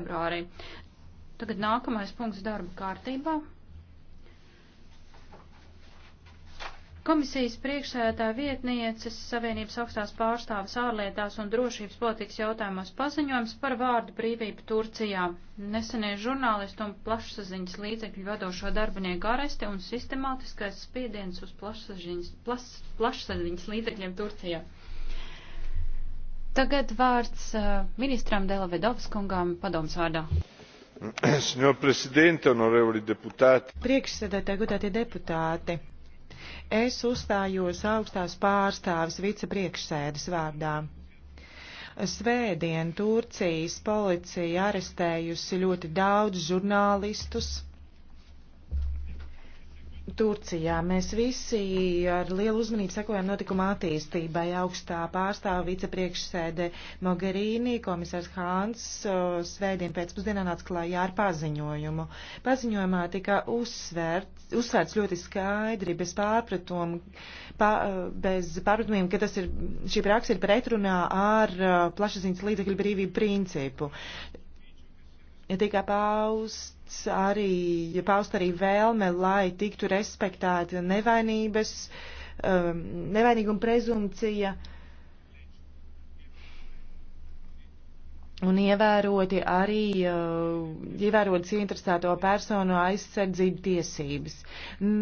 februārī. Tagad nākamais punkts darba kārtībā. Komisijas priekšsēdētāja vietnieces Savienības augstās pārstāvis ārlietās un drošības politikas jautājumos paziņojums par vārdu brīvību Turcijā. Nesenie žurnālistu un plašsaziņas līdzekļu vadošo darbinieku aresti un sistemātiskais spiediens uz plašsaziņas, plaš, plašsaziņas līdzekļiem Turcijā. Tagad vārds uh, ministram Delavedovskungam padoms vārdā. Signor Presidente, onorevoli deputāti. Priekšsēdētāji, godātie deputāti. Es uzstājos augstās pārstāvis vicepriekšsēdes vārdā. Svētdien Turcijas policija arestējusi ļoti daudz žurnālistus Turcijā mēs visi ar lielu uzmanību sekojam notikuma attīstībai. Augstā pārstāva vicepriekšsēde Mogherīni, komisārs Hāns, svētdien pēcpusdienā nāca klājā ar paziņojumu. Paziņojumā tika uzsvērts, uzsvērts ļoti skaidri, bez pārpratumu, pa, bez pārpratumiem, ka tas ir, šī praksa ir pretrunā ar plašsaziņas līdzekļu brīvību principu ja tika pausts arī, ja paust arī vēlme, lai tiktu respektēta nevainības, um, nevainīguma prezumcija un ievēroti arī, uh, ievērotas interesēto personu aizsardzību tiesības.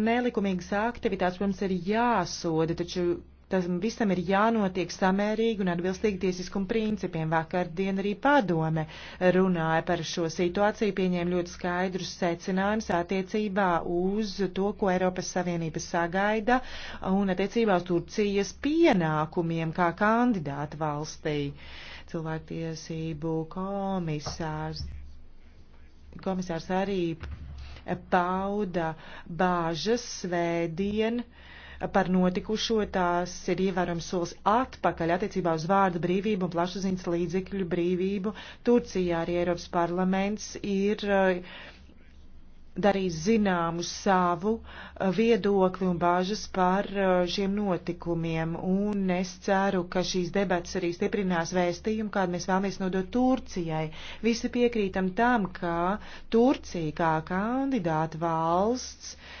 Nelikumīgas aktivitātes, protams, ir jāsoda, taču tam visam ir jānotiek samērīgi un atbilstīgi tiesiskuma principiem. Vakardien arī padome runāja par šo situāciju, pieņēma ļoti skaidrus secinājumus attiecībā uz to, ko Eiropas Savienība sagaida un attiecībā uz Turcijas pienākumiem kā kandidāta valstī. Cilvēktiesību komisārs. Komisārs arī pauda bāžas svētdien uh, par notikušo. Tās ir ievērojams solis atpakaļ attiecībā uz vārdu brīvību un plašsaziņas līdzekļu brīvību. Turcijā arī Eiropas parlaments ir eh, darīs zināmu savu eh, viedokli un bāžas par eh, šiem notikumiem. Un es ceru, ka šīs debats arī stiprinās vēstījumu, kādu mēs vēlamies nodot Turcijai. Visi piekrītam tam, ka Turcija kā kandidāta valsts uh,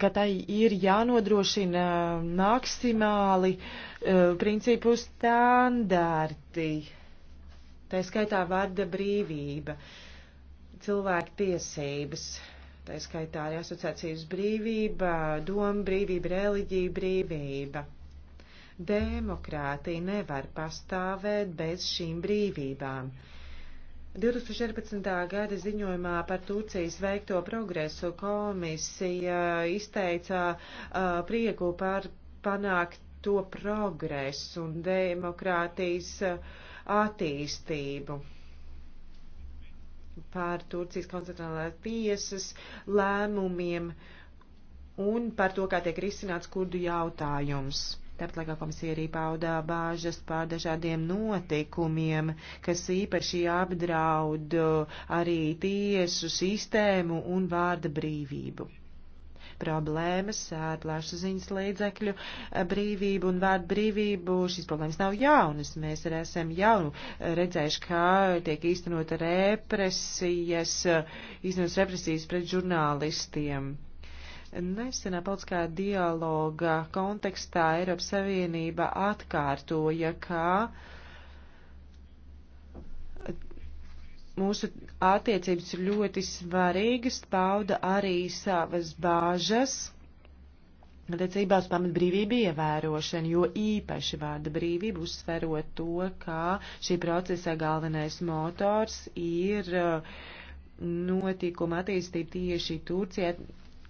ka tai ir jānodrošina maksimāli uh, principu standarti. Tā skaitā vārda brīvība, cilvēku tiesības, tā skaitā arī asociācijas brīvība, doma brīvība, reliģija brīvība. Demokrātija nevar pastāvēt bez šīm brīvībām. Uh, 2014. gada ziņojumā par Turcijas veikto progresu komisija izteica uh, prieku par panākto progresu un demokrātijas attīstību par Turcijas konstitucionālās tiesas lēmumiem un par to, kā tiek risināts kurdu jautājums. Tāpat laikā komisija arī paudā bāžas pār dažādiem notikumiem, kas īpaši apdraud uh, arī tiesu sistēmu un vārda brīvību. Problēmas ar plašsaziņas līdzekļu uh, brīvību un vārdu brīvību, šīs problēmas nav jaunas. Mēs arī esam jau redzējuši, kā tiek īstenota represijas, uh, īstenotas represijas pret žurnālistiem Nesenā politiskā dialoga kontekstā Eiropas Savienība atkārtoja, ka mūsu attiecības ir ļoti svarīgas, pauda arī savas bāžas attiecībā uz pamatbrīvību ievērošanu, jo īpaši vārda brīvību uzsverot to, ka šī procesa galvenais motors ir uh, notikuma attīstība tieši Turcijā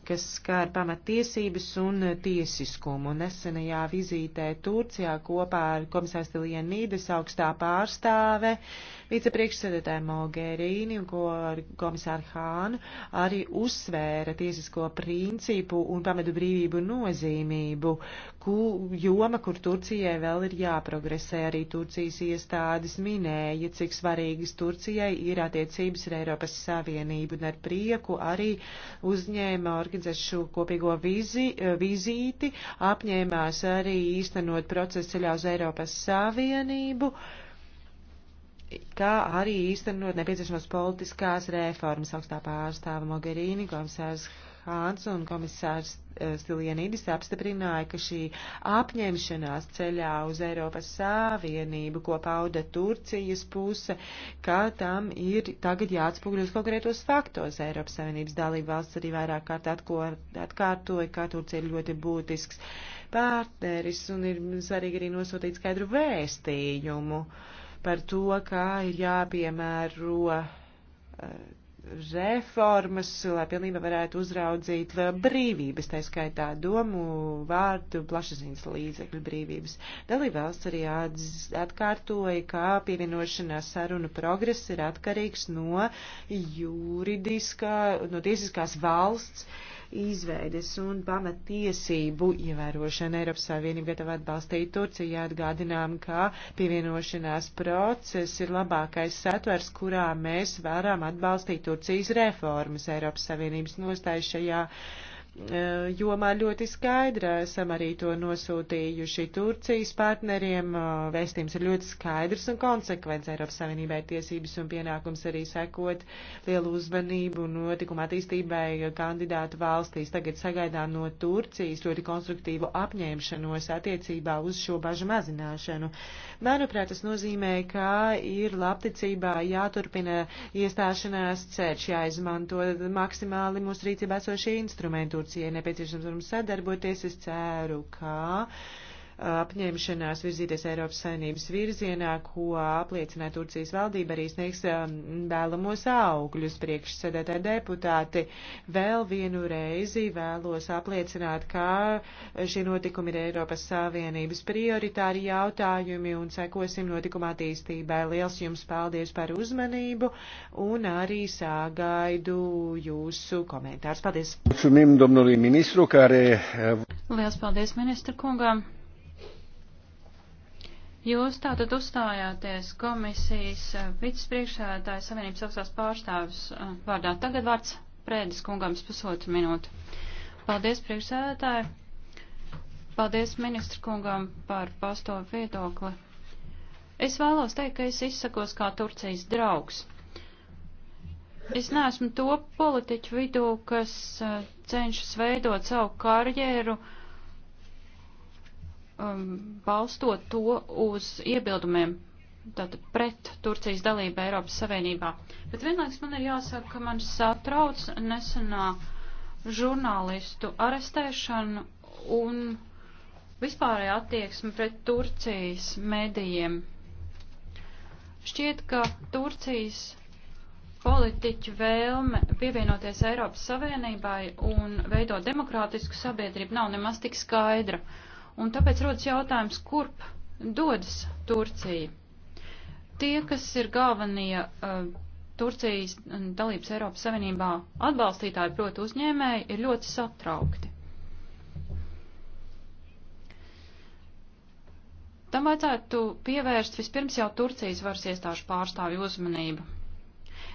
kas skar pamatiesības un tiesiskumu. Nesenajā vizītē Turcijā kopā ar komisārs Tilienīdes augstā pārstāve, vicepriekšsēdētāja Mogherīni un ko ar komisāru Hānu arī uzsvēra tiesisko principu un pamatu brīvību nozīmību, ku, joma, kur Turcijai vēl ir jāprogresē. Arī Turcijas iestādes minēja, cik svarīgas Turcijai ir attiecības ar Eiropas Savienību un ar prieku arī uzņēma organizāciju organizēs šo kopīgo vizi, eh, vizīti, apņēmās arī īstenot procesu ceļā uz Eiropas Savienību, kā arī īstenot nepieciešamos politiskās reformas augstā pārstāva Mogherini, komisārs Hāns un komisārs eh, Stilienīdis apstiprināja, ka šī apņemšanās ceļā uz Eiropas Savienību, ko pauda Turcijas puse, ka tam ir tagad jāatspūgļos konkrētos faktos. Eiropas Savienības dalība valsts arī vairāk kārt atkārtoja, ka Turcija ir ļoti būtisks partneris un ir svarīgi arī nosūtīt skaidru vēstījumu par to, kā ir jāpiemēro eh, reformas, lai pilnībā varētu uzraudzīt brīvības, tā skaitā domu, vārdu, plašsaziņas līdzekļu brīvības. Dalībvalsts arī atz, atkārtoja, ka pievienošanās sarunu progress ir atkarīgs no juridiskā, no tiesiskās valsts uh, izveides un pamatiesību ievērošana Eiropas Savienība gatava atbalstīt Turciju. Atgādinām, ka pievienošanās process ir labākais satvers, kurā mēs varam atbalstīt Turcijas reformas Eiropas Savienības nostāju šajā E, jomā ļoti skaidra. Esam arī to nosūtījuši Turcijas partneriem. E, vēstījums ir ļoti skaidrs un konsekvents Eiropas Savienībai tiesības un pienākums arī sekot lielu uzmanību un notikuma attīstībai kandidātu valstīs. Tagad sagaidām no Turcijas ļoti konstruktīvu apņēmšanos attiecībā uz šo bažu mazināšanu. Manuprāt, tas nozīmē, ka ir labticībā jāturpina iestāšanās ceļš, jāizmanto maksimāli mūsu rīcībā esošie instrumenti Turcijai nepieciešams varam sadarboties. Es ceru, ka apņemšanās virzīties Eiropas saimnības virzienā, ko apliecināja Turcijas valdība, arī sniegs um, vēlamos augļus priekšsēdētāji deputāti. Vēl vienu reizi vēlos apliecināt, ka šie notikumi ir Eiropas Savienības prioritāri jautājumi un sekosim notikuma attīstībai. Liels jums paldies par uzmanību un arī sāgaidu jūsu komentārus. Paldies! Mulțumim domnului ministru care... Uh, Liels paldies ministru kungam! Jūs tātad uzstājāties komisijas eh, vicepriekšsēdētāja Savienības augstās pārstāvis eh, vārdā. Tagad vārds prēdis kungam pusotru minūtu. Paldies priekšsēdētāji. Paldies ministru kungam par pasto viedokli. Es vēlos teikt, ka es izsakos kā Turcijas draugs. Es neesmu to politiķu vidū, kas eh, cenšas veidot savu karjeru uh, um, balstot to uz iebildumiem tātad pret Turcijas dalību Eiropas Savienībā. Bet vienlaiks man ir jāsaka, ka man satrauc nesenā žurnālistu arestēšana un vispārējā attieksme pret Turcijas medijiem. Šķiet, ka Turcijas politiķu vēlme pievienoties Eiropas Savienībai un veidot demokrātisku sabiedrību nav nemaz tik skaidra. Uh, Un tāpēc rodas jautājums, kurp dodas Turcija? Tie, kas ir galvenie uh, Turcijas dalības Eiropas Savienībā atbalstītāji, proti uzņēmēji, ir ļoti satraukti. Tam vajadzētu pievērst vispirms jau Turcijas varas iestāžu pārstāvju uzmanību.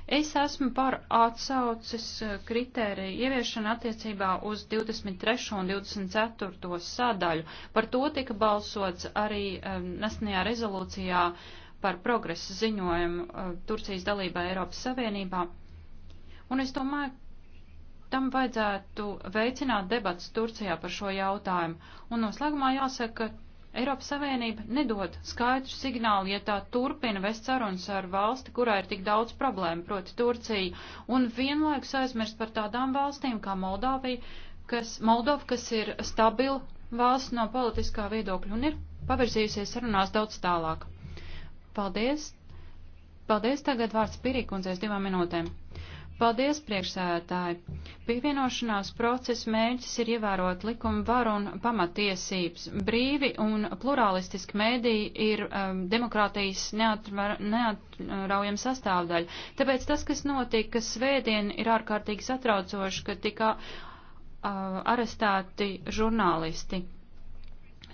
Es esmu par atsauces eh, kritēriju ieviešanu attiecībā uz 23. un 24. sadaļu. Par to tika balsots arī um, eh, nesenajā rezolūcijā par progresa ziņojumu uh, Turcijas dalībā Eiropas Savienībā. Un es domāju, tam vajadzētu veicināt debats Turcijā par šo jautājumu. Un noslēgumā jāsaka, ka Eiropas Savienība nedod skaidru signālu, ja tā turpina vest sarunas ar valsti, kurā ir tik daudz problēmu, proti Turciju, un vienlaikus aizmirst par tādām valstīm kā Moldāvija, kas, Moldova, kas ir stabila valsts no politiskā viedokļa un ir pavirzījusies sarunās daudz tālāk. Paldies! Paldies tagad vārds Pirīkundzēs divām minūtēm. Paldies, priekšsēdētāji! Pievienošanās procesa mērķis ir ievērot likuma varu un pamatiesības. Brīvi un pluralistiski mēdīji ir um, demokrātijas neatraujama sastāvdaļa. Tāpēc tas, kas notika svētdien, ir ārkārtīgi satraucoši, ka tika uh, arestēti žurnālisti.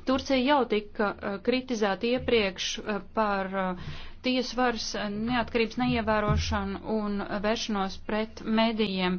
Turcija jau tika uh, kritizēta iepriekš uh, par. Uh, tiesvaras neatkarības neievērošanu un vēršanos pret medijiem.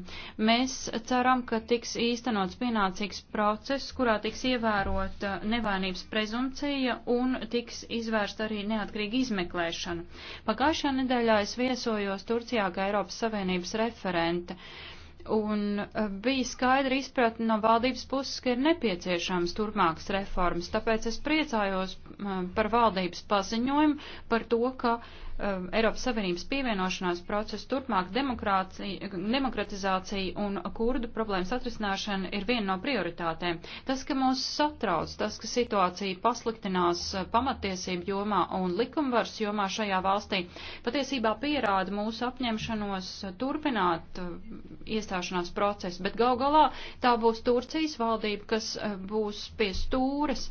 Mēs ceram, ka tiks īstenots pienācīgs process, kurā tiks ievērota nevainības prezumcija un tiks izvērsta arī neatkarīga izmeklēšana. Pagājušajā nedēļā es viesojos Turcijā kā Eiropas Savienības referente. Uh, Un eh, bija skaidra izpratne no valdības puses, ka ir nepieciešams turpmākas reformas, tāpēc es priecājos eh, par valdības paziņojumu par to, ka uh, Um, Eiropas Savienības pievienošanās procesu, turpmāk demokratizācija un kurdu problēmas atrisināšana ir viena no prioritātēm. Tas, ka mūs satrauc, tas, ka situācija pasliktinās uh, pamatiesību jomā un likumvars jomā šajā valstī, patiesībā pierāda mūsu apņemšanos turpināt uh, iestāšanās procesu, bet gal galā tā būs Turcijas valdība, kas uh, būs pie stūres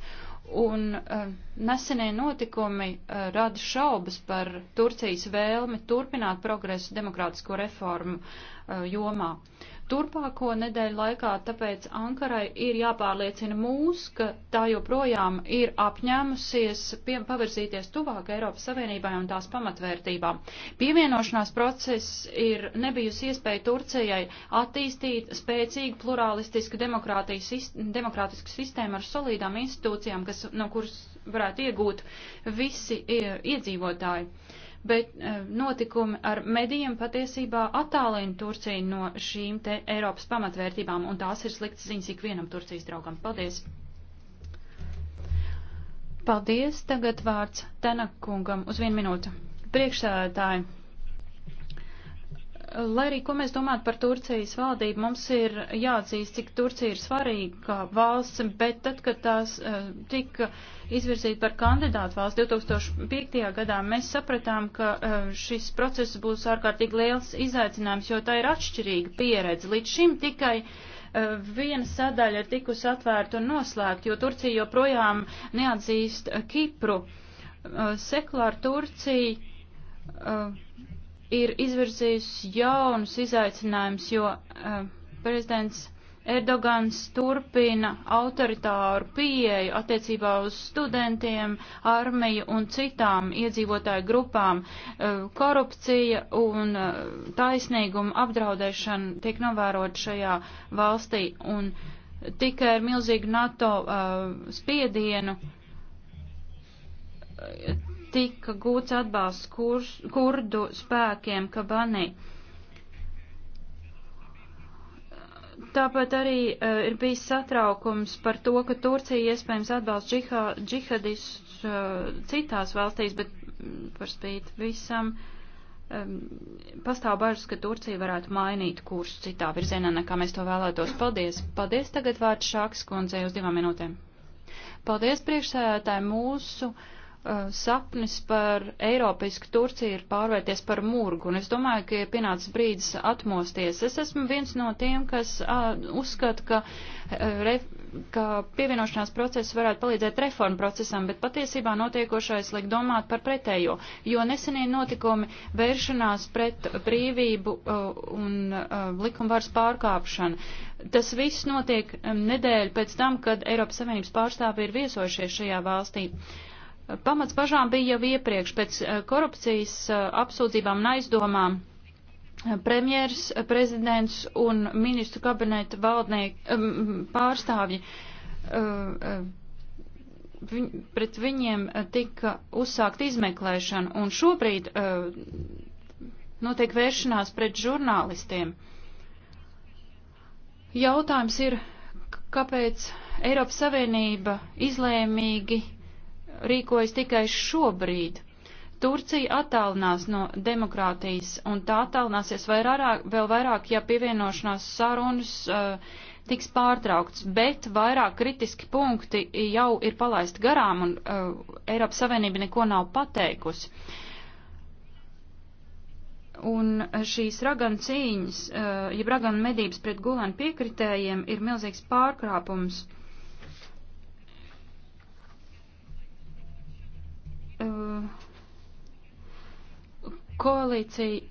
Un uh, nesenie notikumi uh, rada šaubas par Turcijas vēlmi turpināt progresu demokrātisko reformu uh, Uh, jomā. Turpāko nedēļu laikā tāpēc Ankarai ir jāpārliecina mūs, ka tā joprojām ir apņēmusies pie, pavirzīties tuvāk Eiropas Savienībai un tās pamatvērtībām. Pievienošanās process ir nebijusi iespēja Turcijai attīstīt spēcīgu pluralistisku demokrātisku sistēmu ar solīdām institūcijām, kas, no kuras varētu iegūt visi iedzīvotāji bet e, notikumi ar medijiem patiesībā attālina Turciju no šīm te Eiropas pamatvērtībām, un tās ir sliktas ziņas ikvienam Turcijas draugam. Paldies! Paldies! Tagad vārds Tenakungam uz vienu minūtu. Priekšsēdētāji! Lai arī, ko mēs domātu par Turcijas valdību, mums ir jāatzīst, cik Turcija ir svarīga kā valsts, bet tad, kad tās uh, tika izvirzīta par kandidātu valsts 2005. gadā, mēs sapratām, ka uh, šis process būs ārkārtīgi liels izaicinājums, jo tā ir atšķirīga pieredze. Līdz šim tikai uh, viena sadaļa ir tikusi atvērta un noslēgta, jo Turcija joprojām neatzīst Kipru. Seklāra Turcija ir izvirzījusi jaunus izaicinājumus, jo uh, prezidents Erdogans turpina autoritāru pieeju attiecībā uz studentiem, armiju un citām iedzīvotāju grupām. Eh, korupcija un eh, taisnīguma apdraudēšana tiek novērot šajā valstī un tikai ar milzīgu NATO uh, spiedienu tika gūts atbalsts kur, kurdu spēkiem Kabanī. Tāpat arī uh, ir bijis satraukums par to, ka Turcija iespējams atbalsta džihā, džihadistus uh, citās valstīs, bet m, mm, par spīti visam um, pastāv bažas, ka Turcija varētu mainīt kursu citā virzienā, nekā mēs to vēlētos. Paldies! Paldies! Tagad vārds Šāks kundzei uz divām minūtēm. Paldies priekšsēdētāji mūsu! Uh, Eh, sapnis par Eiropisku Turciju ir pārvērties par murgu, un es domāju, ka ir pienācis brīdis atmosties. Es esmu viens no tiem, kas uh, uzskata, ka, uh, re, ka pievienošanās process varētu palīdzēt reformu procesam, bet patiesībā notiekošais liek domāt par pretējo, jo nesenie notikumi vēršanās pret brīvību uh, un uh, likumvaras pārkāpšanu. Tas viss notiek nedēļu pēc tam, kad Eiropas Savienības pārstāvi ir viesojušies šajā valstī. Uh, Pamats bažām bija jau iepriekš pēc eh, korupcijas eh, apsūdzībām un aizdomām. Eh, premjers, prezidents un ministru kabineta valdnieki pārstāvji viņ, pret viņiem tika uzsākt izmeklēšana un šobrīd notiek vēršanās pret žurnālistiem. Jautājums ir, kāpēc Eiropas Savienība izlēmīgi rīkojas tikai šobrīd. Turcija attālinās no demokrātijas, un tā attālināsies vairāk, vēl vairāk, ja pievienošanās sarunas uh, tiks pārtraukts, bet vairāk kritiski punkti jau ir palaisti garām, un uh, Eiropas Savienība neko nav pateikusi. Un šīs ragana cīņas, uh, jeb ragana medības pret gulēnu piekritējiem ir milzīgs pārkrāpums. Uh, uh, koalīcija uh,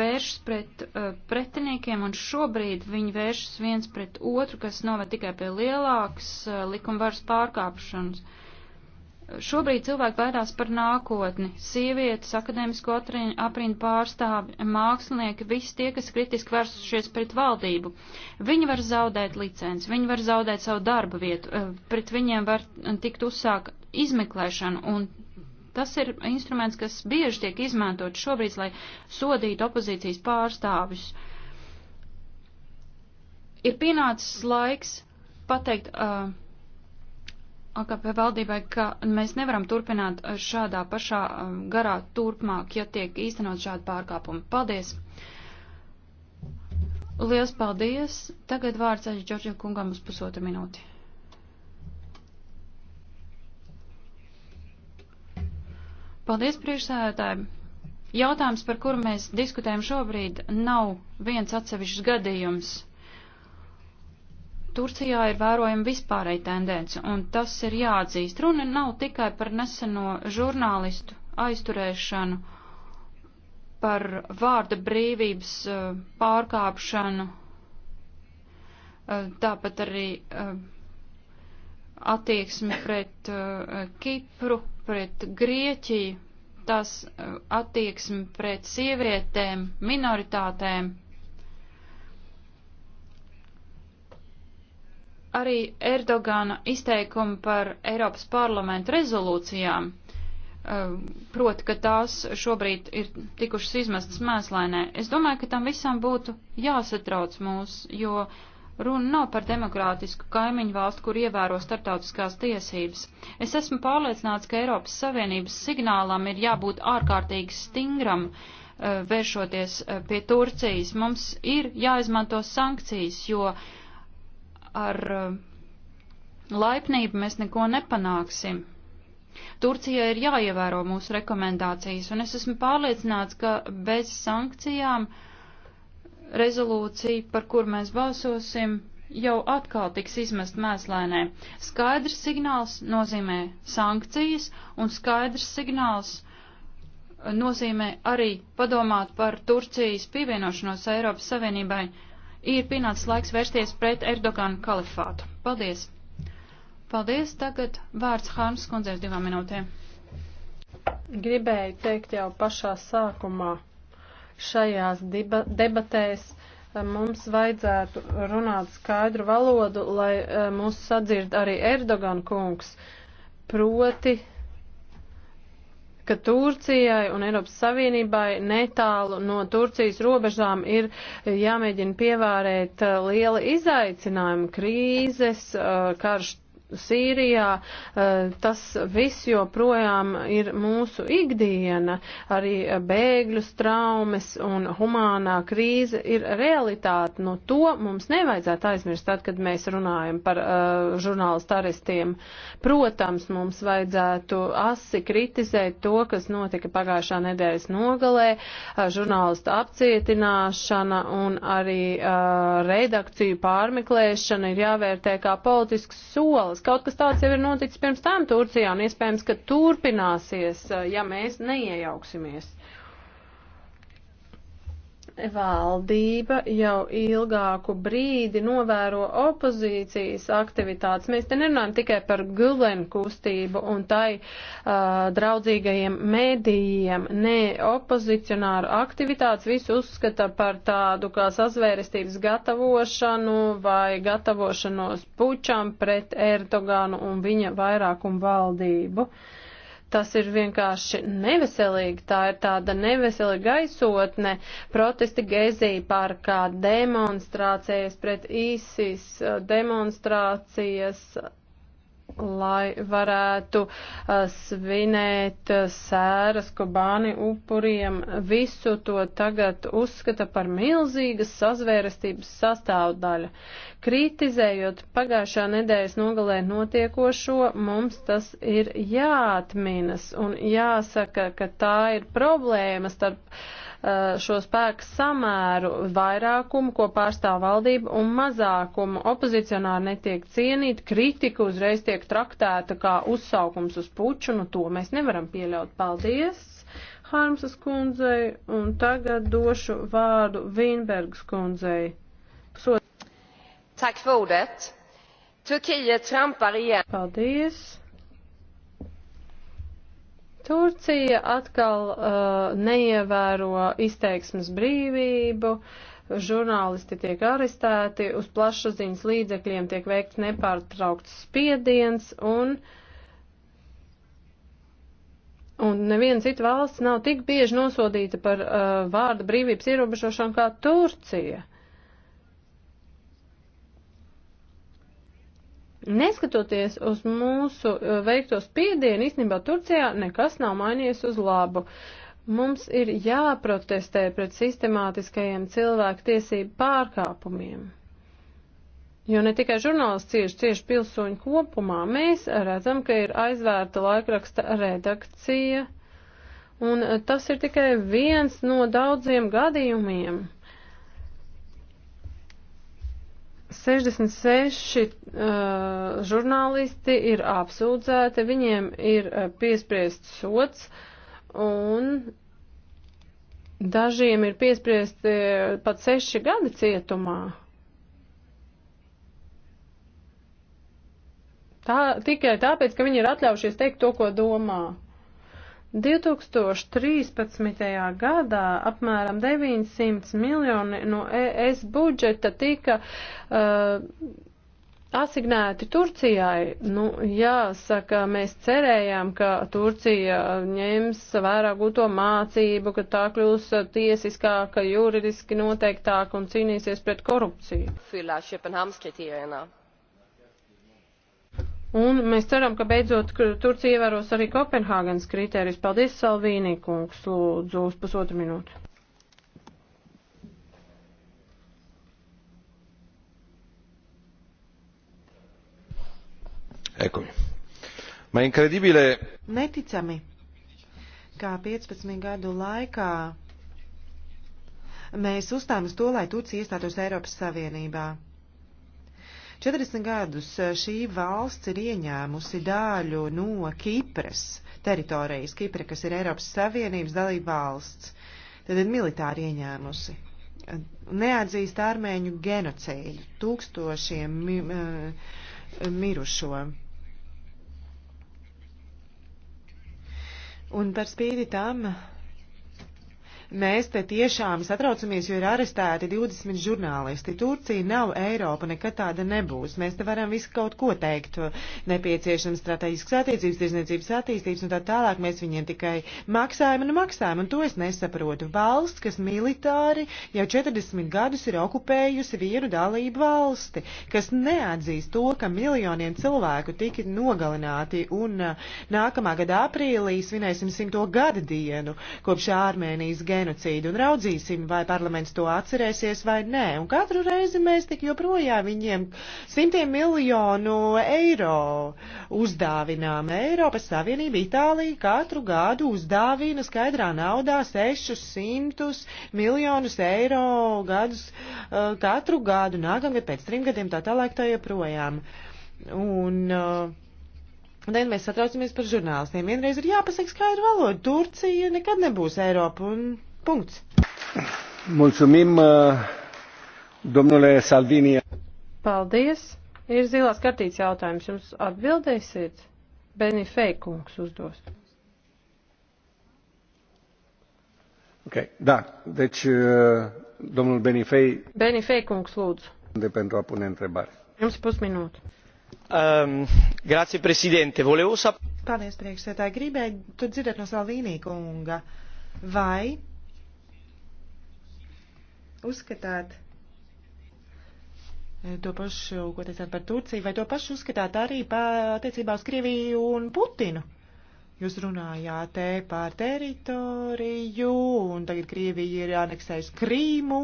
vēršas pret uh, pretiniekiem, un šobrīd viņi vēršas viens pret otru, kas noved tikai pie lielākas uh, likumvaras pārkāpšanas. Šobrīd cilvēki baidās par nākotni. Sievietes, akadēmisko aprindu pārstāvi, mākslinieki, visi tie, kas kritiski vērsušies pret valdību. Viņi var zaudēt licenci, viņi var zaudēt savu darba vietu, eh, pret viņiem var tikt uzsākt izmeklēšanu, un Tas ir instruments, kas bieži tiek izmantot šobrīd, lai sodītu opozīcijas pārstāvis. Ir pienācis laiks pateikt uh, AKP valdībai, ka mēs nevaram turpināt uh, šādā pašā uh, garā turpmāk, ja tiek īstenot šādi pārkāpumi. Paldies! Lielas paldies! Tagad vārds aiz Džordža kungam uz pusotru minūti. Paldies, priekšsēdētāji! Jautājums, par kuru mēs diskutējam šobrīd, nav viens atsevišķs gadījums. Turcijā ir vērojama vispārēja tendence, un tas ir jāatzīst. Runa nav tikai par neseno žurnālistu aizturēšanu, par vārda brīvības eh, pārkāpšanu, eh, tāpat arī eh, attieksmi pret Kipru pret Grieķiju, tas uh, attieksmi pret sievietēm, minoritātēm. Arī Erdogana izteikumi par Eiropas parlamentu rezolūcijām, uh, proti, ka tās šobrīd ir tikušas izmestas mēslainē. Es domāju, ka tam visam būtu jāsatrauc mūs, jo uh, Runa nav par demokrātisku kaimiņu valstu, kur ievēro startautiskās tiesības. Es esmu pārliecināts, ka Eiropas Savienības signālam ir jābūt ārkārtīgi stingram, eh, vēršoties eh, pie Turcijas. Mums ir jāizmanto sankcijas, jo ar eh, laipnību mēs neko nepanāksim. Turcijai ir jāievēro mūsu rekomendācijas, un es esmu pārliecināts, ka bez sankcijām uh, rezolūcija, par kur mēs balsosim, jau atkal tiks izmest mēslēnē. Skaidrs signāls nozīmē sankcijas, un skaidrs signāls nozīmē arī padomāt par Turcijas pievienošanos Eiropas Savienībai. Ir pienācis laiks vērsties pret Erdoganu kalifātu. Paldies! Paldies! Tagad vārds Hārmas kundzei divām minūtēm. Gribēju teikt jau pašā sākumā šajās debatēs eh, mums vajadzētu runāt skaidru valodu, lai eh, mūs sadzird arī Erdogan kungs. Proti, ka Turcijai un Eiropas Savienībai netālu no Turcijas robežām ir jāmēģina pievērēt eh, liela izaicinājuma krīzes, karš Sīrijā, eh, tas viss joprojām ir mūsu ikdiena, arī bēgļu traumas un humānā krīze ir realitāte. No to mums nevajadzētu aizmirst, tad, kad mēs runājam par uh, eh, žurnālistu arestiem. Protams, mums vajadzētu asi kritizēt to, kas notika pagājušā nedēļas nogalē, uh, žurnālistu apcietināšana un arī uh, redakciju pārmeklēšana ir jāvērtē kā politisks solis Izraels. Kaut kas tāds jau ir noticis pirms tam Turcijā un iespējams, ka turpināsies, eh, ja mēs neiejauksimies. Uh, Valdība jau ilgāku brīdi novēro opozīcijas aktivitātes. Mēs te nerunājam tikai par Gulenu kustību un tai uh, draudzīgajiem mēdījiem. Nē, opozicionāru aktivitātes visu uzskata par tādu kā sazvērestības gatavošanu vai gatavošanos pučam pret Erdoganu un viņa vairākumu valdību. Uh, Tas ir vienkārši neveselīgi, tā ir tāda neveselīga gaisotne, protesti Gezija parkā, demonstrācijas pret ISIS, demonstrācijas lai varētu uh, svinēt uh, sēras Kobāni upuriem. Visu to tagad uzskata par milzīgas sazvērestības sastāvdaļu. Kritizējot pagājušā nedēļas nogalē notiekošo, mums tas ir jāatminas un jāsaka, ka tā ir problēma starp Uh, šo spēku samēru vairākumu, ko pārstāv valdība, un mazākumu. Opozicionāri netiek cienīti, kritika uzreiz tiek traktēta kā uzsaukums uz puču, nu to mēs nevaram pieļaut. Paldies! Harmsas kundzei, un tagad došu vārdu Vīnbergas kundzei. Psot... Tak för ordet. Turkiet trampar igen. Paldies. Turcija atkal uh, neievēro izteiksmes brīvību, žurnālisti tiek arestēti, uz plašsaziņas līdzekļiem tiek veikts nepārtraukts spiediens un uh, Un neviena cita valsts nav tik bieži nosodīta par uh, vārda brīvības ierobežošanu kā Turcija. Neskatoties uz mūsu e, veikto spiedienu, īstenībā Turcijā nekas nav mainījies uz labu. Mums ir jāprotestē pret sistemātiskajiem cilvēku tiesību pārkāpumiem. Jo ne tikai žurnālisti cieši, cieši pilsoņi kopumā, mēs redzam, ka ir aizvērta laikraksta redakcija, un tas ir tikai viens no daudziem gadījumiem. 66 uh, žurnālisti ir apsūdzēti, viņiem ir uh, piespriests sots un dažiem ir piespriesti uh, pat 6 gadi cietumā. Tā, tikai tāpēc, ka viņi ir atļaujušies teikt to, ko domā. 2013. gadā apmēram 900 miljoni no ES budžeta tika uh, asignēti Turcijai. Nu, jāsaka, mēs cerējām, ka Turcija ņems vērā gūto mācību, ka tā kļūs tiesiskāka, juridiski noteiktāka un cīnīsies pret korupciju. Fyllā Köpenhamnskriterierna. Un mēs ceram, ka beidzot Turcija ievēros arī Kopenhāgenes kritērijus. Paldies, Salvīnī kungs, lūdzu, uz pusotru minūtu. Eccomi. Ma è incredibile. Neticami, kā 15 gadu laikā mēs uzstājam uz to, lai Turcija iestātos Eiropas Savienībā. 40 gadus eh, šī valsts ir ieņēmusi dāļu no Kipras teritorijas, Kipra, kas ir Eiropas Savienības dalība valsts, tad ir militāri ieņēmusi. Neatzīst armēņu genocīdu, tūkstošiem mi, eh, mirušo. Un par spīti tam mēs te tiešām satraucamies, jo ir arestēti 20 žurnālisti. Turcija nav Eiropa, nekad tāda nebūs. Mēs te varam visu kaut ko teikt. Nepieciešams strateģisks attiecības, tirzniecības attīstības un tā tālāk. Mēs viņiem tikai maksājam un maksājam, un to es nesaprotu. Valsts, kas militāri jau 40 gadus ir okupējusi vīru dalību valsti, kas neatzīst to, ka miljoniem cilvēku tika nogalināti un nākamā gada aprīlī svinēsim 100. gada dienu kopš Armēnijas gada genocīdu un raudzīsim, vai parlaments to atcerēsies vai nē. Un katru reizi mēs tik joprojām viņiem simtiem miljonu eiro uzdāvinām. Eiropas Savienība Itālija katru gadu uzdāvina skaidrā naudā 600 miljonus eiro gadus uh, katru gadu, nākamgad pēc trim gadiem tā tālāk tā joprojām. Un, uh, Tad mēs satraucamies par žurnālistiem. Vienreiz ir jāpasaka skaidru valodu. Turcija nekad nebūs Eiropa, un Punkts. Mulțumim, uh, domnule Salvini. Paldies. Ir zilās kartīts jautājums. Jums atbildēsiet? Beni Feikungs uzdos. Okay. Da, deci uh, domnul Benifei. Benifei kungs, lūdzu. De pentru a pune întrebare. Jums pusminūte. Um, grazie, presidente. Volevo sapere. Paldies, priekšsētāji. Gribēju dzirdēt no Salvīnī kunga, vai uzskatāt e, to pašu, ko teicāt par Turciju, vai to pašu uzskatāt arī attiecībā uz Krieviju un Putinu? Jūs runājāt te par teritoriju, un tagad Krievija ir aneksējusi Krīmu.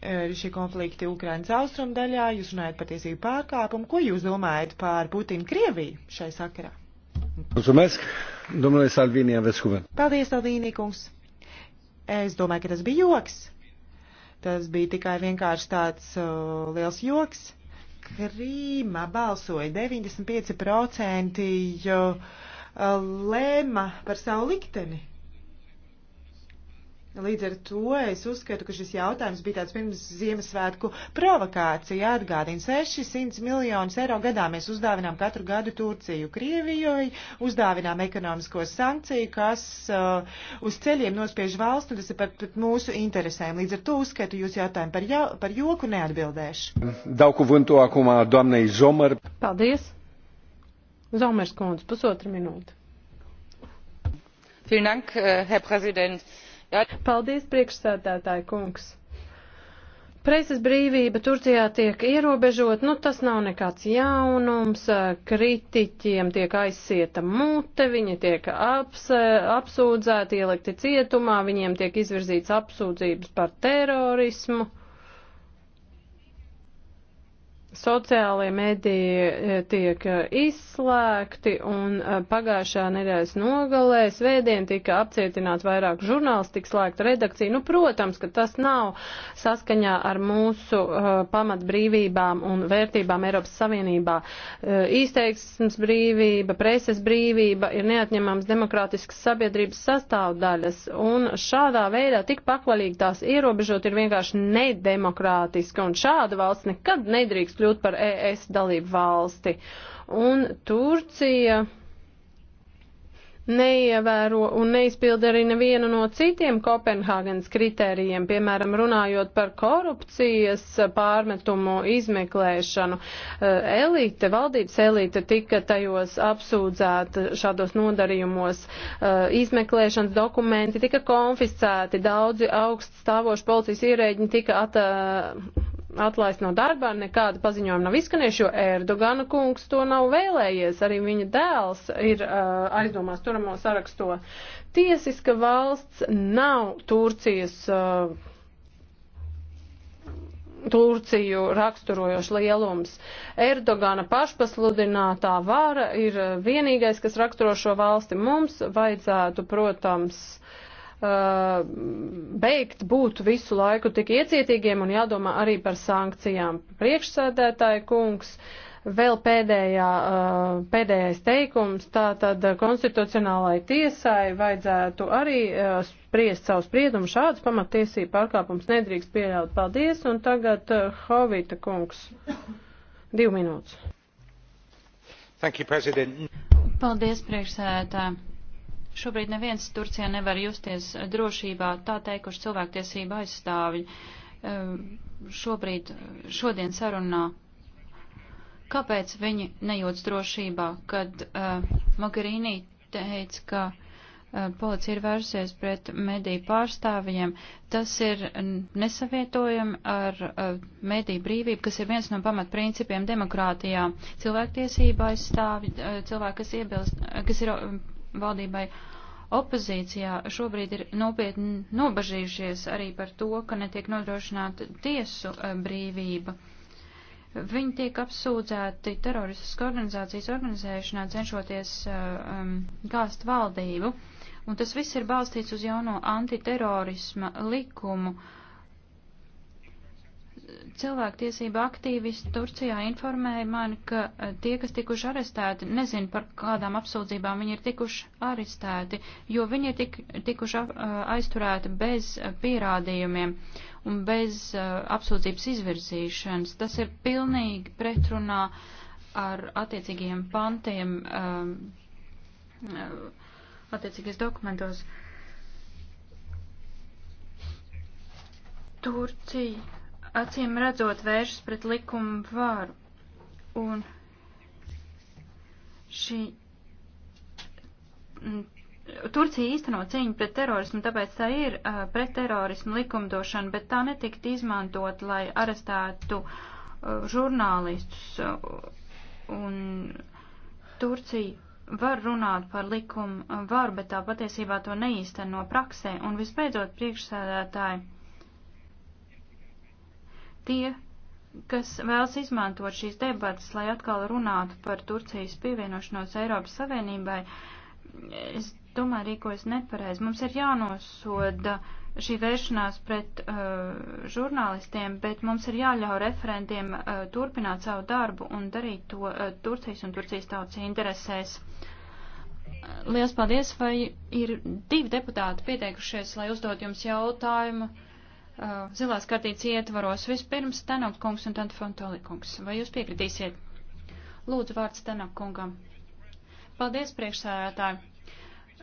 Ir e, šie konflikti Ukrainas austrumdaļā, jūs runājat par tiesību pārkāpumu. Ko jūs domājat par Putinu Krieviju šai sakarā? Mulțumesc! Domnule Salvini, aveți cuvânt. Paldies, Salvini, kungs. Es domāju, ka tas bija joks. Tas bija tikai vienkārši tāds uh, liels joks. Krīma balsoja 95% uh, lēma par savu likteni. Līdz ar to es uzskatu, ka šis jautājums bija tāds pirms Ziemassvētku provokācija atgādina. 600 miljonus eiro gadā mēs uzdāvinām katru gadu Turciju, Krievijai, uzdāvinām ekonomisko sankciju, kas uh, uz ceļiem nospiež valsts, un tas ir pat, pat mūsu interesēm. Līdz ar to uzskatu jūs jautājumu par, jau, par joku neatbildēšu. Dauku vuntu akumā, domnei Zomar. Paldies. Zomers kundze, pusotra minūte. Vielen Dank, äh, Herr Präsident. Paldies, priekšsēdētāji kungs! Preses brīvība Turcijā tiek ierobežot, nu tas nav nekāds jaunums, kritiķiem tiek aizsieta mute, viņi tiek aps, apsūdzēti, ielikti cietumā, viņiem tiek izvirzīts apsūdzības par terorismu sociālie mediji e, tiek e, izslēgti un e, pagājušā nedēļas nogalē svētdien tika apcietināti vairāk žurnāls, tika slēgta redakcija. Nu, protams, ka tas nav saskaņā ar mūsu uh, pamatbrīvībām un vērtībām Eiropas Savienībā. Uh, Īsteiksmes brīvība, preses brīvība ir neatņemams demokrātiskas sabiedrības sastāvdaļas un šādā veidā tik pakvalīgi tās ierobežot ir vienkārši nedemokrātiski un šāda valsts nekad nedrīkst kļūt par ES dalību valsti. Un Turcija neievēro un neizpilda arī nevienu no citiem Kopenhāgenes kritērijiem, piemēram, runājot par korupcijas pārmetumu izmeklēšanu. Eh, elite, valdības elite tika tajos apsūdzēta šādos nodarījumos. Eh, izmeklēšanas dokumenti tika konfiscēti, daudzi augststāvoši policijas ierēģi tika at, atlaist no darba, nekāda paziņojuma nav izskanējuši, jo Erdogana kungs to nav vēlējies. Arī viņa dēls ir uh, aizdomās turamo saraksto. Tiesiska valsts nav Turcijas. Uh, Turciju raksturojošs lielums. Erdogana pašpasludinātā vara ir vienīgais, kas raksturo šo valsti. Mums vajadzētu, protams, Uh, beigt būt visu laiku tik iecietīgiem un jādomā arī par sankcijām. Priekšsēdētāji kungs, vēl pēdējā, uh, pēdējais teikums, tā tad konstitucionālai tiesai vajadzētu arī uh, spriest savu spriedumu. Šāds pamatiesību pārkāpums nedrīkst pieļaut. Paldies, un tagad Hovita kungs. Divu minūtes. Thank you, President. Paldies, priekšsēdētāji. Šobrīd neviens Turcijā nevar justies drošībā, tā teikuši cilvēktiesība aizstāvji ehm, šobrīd, šodien sarunā. Kāpēc viņi nejūtas drošībā, kad uh, Mogherini teica, ka uh, policija ir vērsies pret mediju pārstāvjiem? Tas ir nesavietojami ar uh, mediju brīvību, kas ir viens no pamatprincipiem demokrātijā. Cilvēktiesība aizstāvi, uh, cilvēki, kas, iebilst, uh, kas ir. Uh, valdībai opozīcijā šobrīd ir nopietni nobažījušies arī par to, ka netiek nodrošināta tiesu eh, brīvība. Viņi tiek apsūdzēti teroristiskas organizācijas organizēšanā, cenšoties eh, um, gāzt valdību, un tas viss ir balstīts uz jauno antiterorisma likumu. Uh, cilvēktiesība aktīvisti Turcijā informēja mani, ka e, tie, kas tikuši arestēti, nezin par kādām apsūdzībām viņi ir tikuši arestēti, jo viņi ir tik, tikuši aizturēti bez e, pierādījumiem un bez e, apsūdzības izvirzīšanas. Tas ir pilnīgi pretrunā ar attiecīgiem pantiem attiecīgais dokumentos. Turcija acīm redzot vēršas pret likumu vāru. Un šī Turcija īsteno cīņu pret terorismu, tāpēc tā ir uh, pret terorismu likumdošana, bet tā netikt izmantot, lai arestētu uh, žurnālistus. Uh, un Turcija var runāt par likumu varu, bet tā patiesībā to neīsteno praksē. Un visbeidzot, priekšsēdētāji tie, kas vēlas izmantot šīs debatas, lai atkal runātu par Turcijas pievienošanos Eiropas Savienībai, es domāju, rīkojas nepareizi. Mums ir jānosoda šī vēršanās pret uh, žurnālistiem, bet mums ir jāļauj referentiem uh, turpināt savu darbu un darīt to uh, Turcijas un Turcijas tautas interesēs. Lielas paldies, vai ir divi deputāti pieteikušies, lai uzdot jums jautājumu? Uh, uh, zilās kartītes ietvaros. Vispirms Tanok kungs un tad Fontoli kungs. Vai jūs piekritīsiet? Lūdzu vārds Tanok kungam. Paldies, priekšsēdētāji.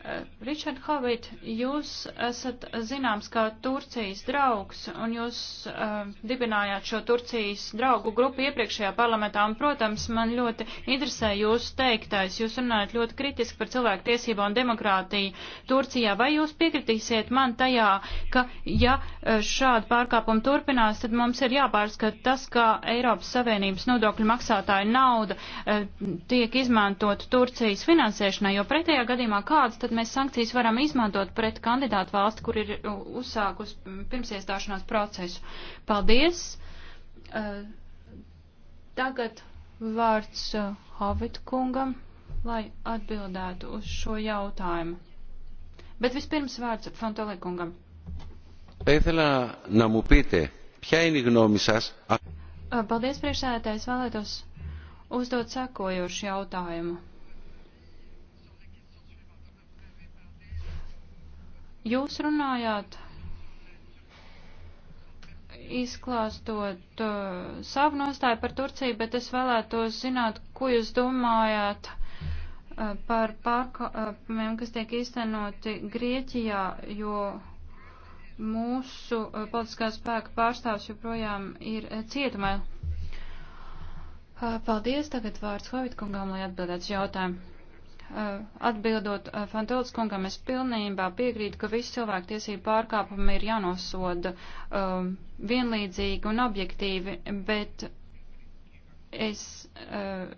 Eh, Richard Howitt, jūs esat zināms kā Turcijas draugs, un jūs uh, dibinājāt šo Turcijas draugu grupu iepriekšējā parlamentā, un, protams, man ļoti interesē jūsu teiktais. Jūs runājat ļoti kritiski par cilvēku tiesību un demokrātiju Turcijā. Vai jūs piekritīsiet man tajā, ka, ja eh, šādi pārkāpumi turpinās, tad mums ir jāpārskata tas, kā Eiropas Savienības nodokļu maksātāja nauda uh, tiek izmantota Turcijas finansēšanai, jo pretējā gadījumā kāds tad tad mēs sankcijas varam izmantot pret kandidātu valsti, kur ir uzsākus pirmsiestāšanās procesu. Paldies! Eh, tagad vārds eh, Hovit kungam, lai atbildētu uz šo jautājumu. Bet vispirms vārds Fantolē kungam. Paldies, priekšsēdētājs, vēlētos uzdot sekojošu jautājumu. Jūs runājāt izklāstot uh, savu nostāju par Turciju, bet es vēlētos zināt, ko jūs domājāt uh, par pārkāpumiem, uh, kas tiek īstenoti Grieķijā, jo mūsu uh, politiskā spēka pārstāvs joprojām ir uh, cietumā. Uh, paldies, tagad vārds Hovitkungam, lai atbildētu jautājumu. Eh, atbildot eh, Fantolis kungam, es pilnībā piekrītu, ka visi cilvēktiesību pārkāpumi ir jānosoda um, vienlīdzīgi un objektīvi, bet es uh, eh,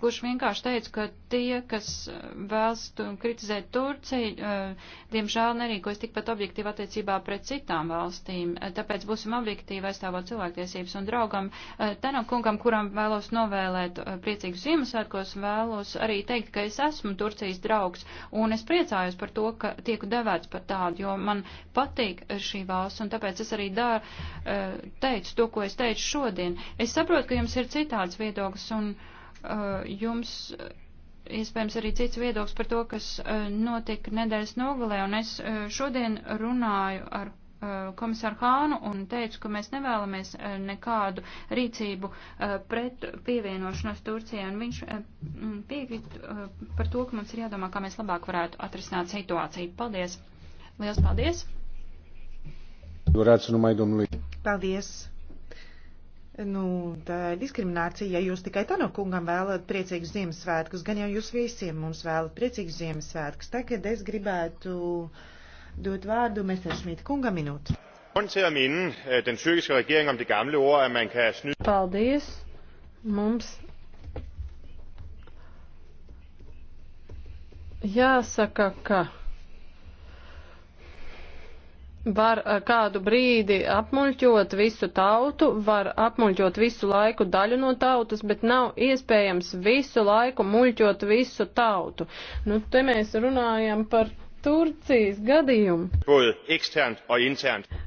gluži vienkārši teicu, ka tie, kas vēlas kritizēt Turciju, uh, diemžēl nerīkojas tikpat objektīvi attiecībā pret citām valstīm. Uh, tāpēc būsim objektīvi aizstāvot cilvēktiesības un draugam uh, Tenokungam, kuram vēlos novēlēt uh, priecīgus Ziemassvētkos, vēlos arī teikt, ka es esmu Turcijas draugs un es priecājos par to, ka tieku devēts par tādu, jo man patīk šī valsts un tāpēc es arī dā, uh, teicu to, ko es teicu šodien. Es saprotu, ka jums ir cita citāds viedoklis un uh, jums uh, iespējams arī cits viedoklis par to, kas uh, notika nedēļas nogalē. Un es uh, šodien runāju ar uh, komisāru Hānu un teicu, ka mēs nevēlamies uh, nekādu rīcību pret pievienošanos Turcijai, un viņš piekrīt par to, ka mums ir jādomā, kā mēs labāk varētu atrisināt situāciju. Paldies! Liels paldies! Durāts, nu, Paldies! Nu, tā ir diskriminācija, ja jūs tikai Tano kungam vēlat priecīgus Ziemassvētkus, gan jau jūs visiem mums vēlat priecīgus Ziemassvētkus. Tagad es gribētu dot vārdu Messerschmitt kungam minūtu. Øh, Paldies! Mums jāsaka, ka var eh, kādu brīdi apmuļķot visu tautu, var apmuļķot visu laiku daļu no tautas, bet nav iespējams visu laiku muļķot visu tautu. Nu, te mēs runājam par Turcijas gadījumu.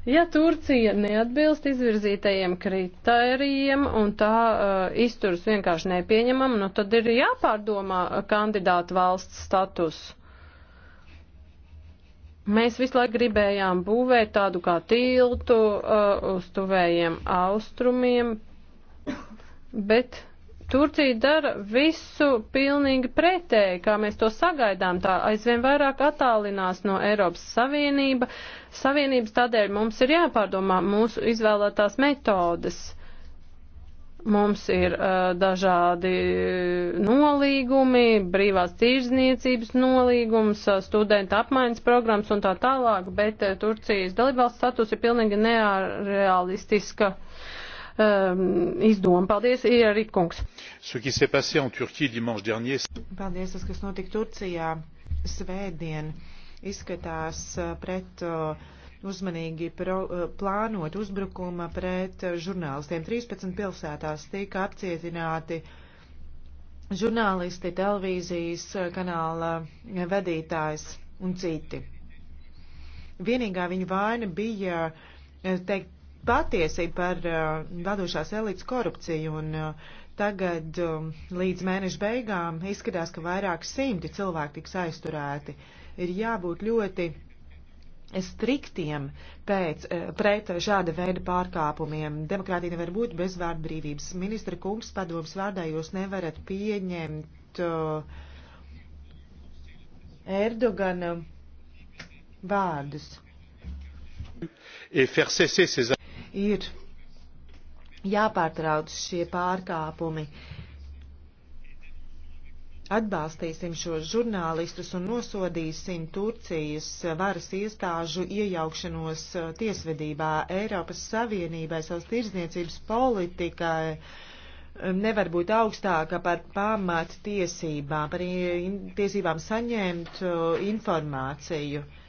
Ja Turcija neatbilst izvirzītajiem kritērijiem un tā uh, eh, izturs vienkārši nepieņemam, nu tad ir jāpārdomā eh, kandidātu valsts status. Mēs visu laiku gribējām būvēt tādu kā tiltu uh, uz tuvējiem austrumiem, bet Turcija dara visu pilnīgi pretēji, kā mēs to sagaidām. Tā aizvien vairāk attālinās no Eiropas Savienība. Savienības tādēļ mums ir jāpārdomā mūsu izvēlētās metodes. Mums ir uh, dažādi nolīgumi, brīvās tīrzniecības nolīgums, studenta apmaiņas programmas un tā tālāk, bet uh, Turcijas dalībvalsts status ir pilnīgi nerealistiska um, izdoma. Paldies, ir arī kungs. Paldies, tas, kas notika Turcijā svētdien, izskatās pret. Uh, uzmanīgi pro, eh, plānot uzbrukuma pret eh, žurnālistiem. 13 pilsētās tika apcietināti žurnālisti, televīzijas eh, kanāla vadītājs un citi. Vienīgā viņa vaina bija teikt patiesību par vadošās elites korupciju un tagad um, līdz mēneša beigām izskatās, ka vairāk simti cilvēki tiks aizturēti. Ir jābūt ļoti striktiem pēc, eh, pret šāda veida pārkāpumiem. Demokrātija nevar būt bez vārdu brīvības. Ministra kungs padoms vārdā jūs nevarat pieņemt eh, Erdogana vārdus. Ir jāpārtrauc šie pārkāpumi. Uh, Atbalstīsim šos žurnālistus un nosodīsim Turcijas varas iestāžu iejaukšanos uh, tiesvedībā Eiropas Savienībai, savas tirdzniecības politikai. Um, nevar būt augstāka par pamat tiesībām, par tiesībām saņemt uh, informāciju. Uh,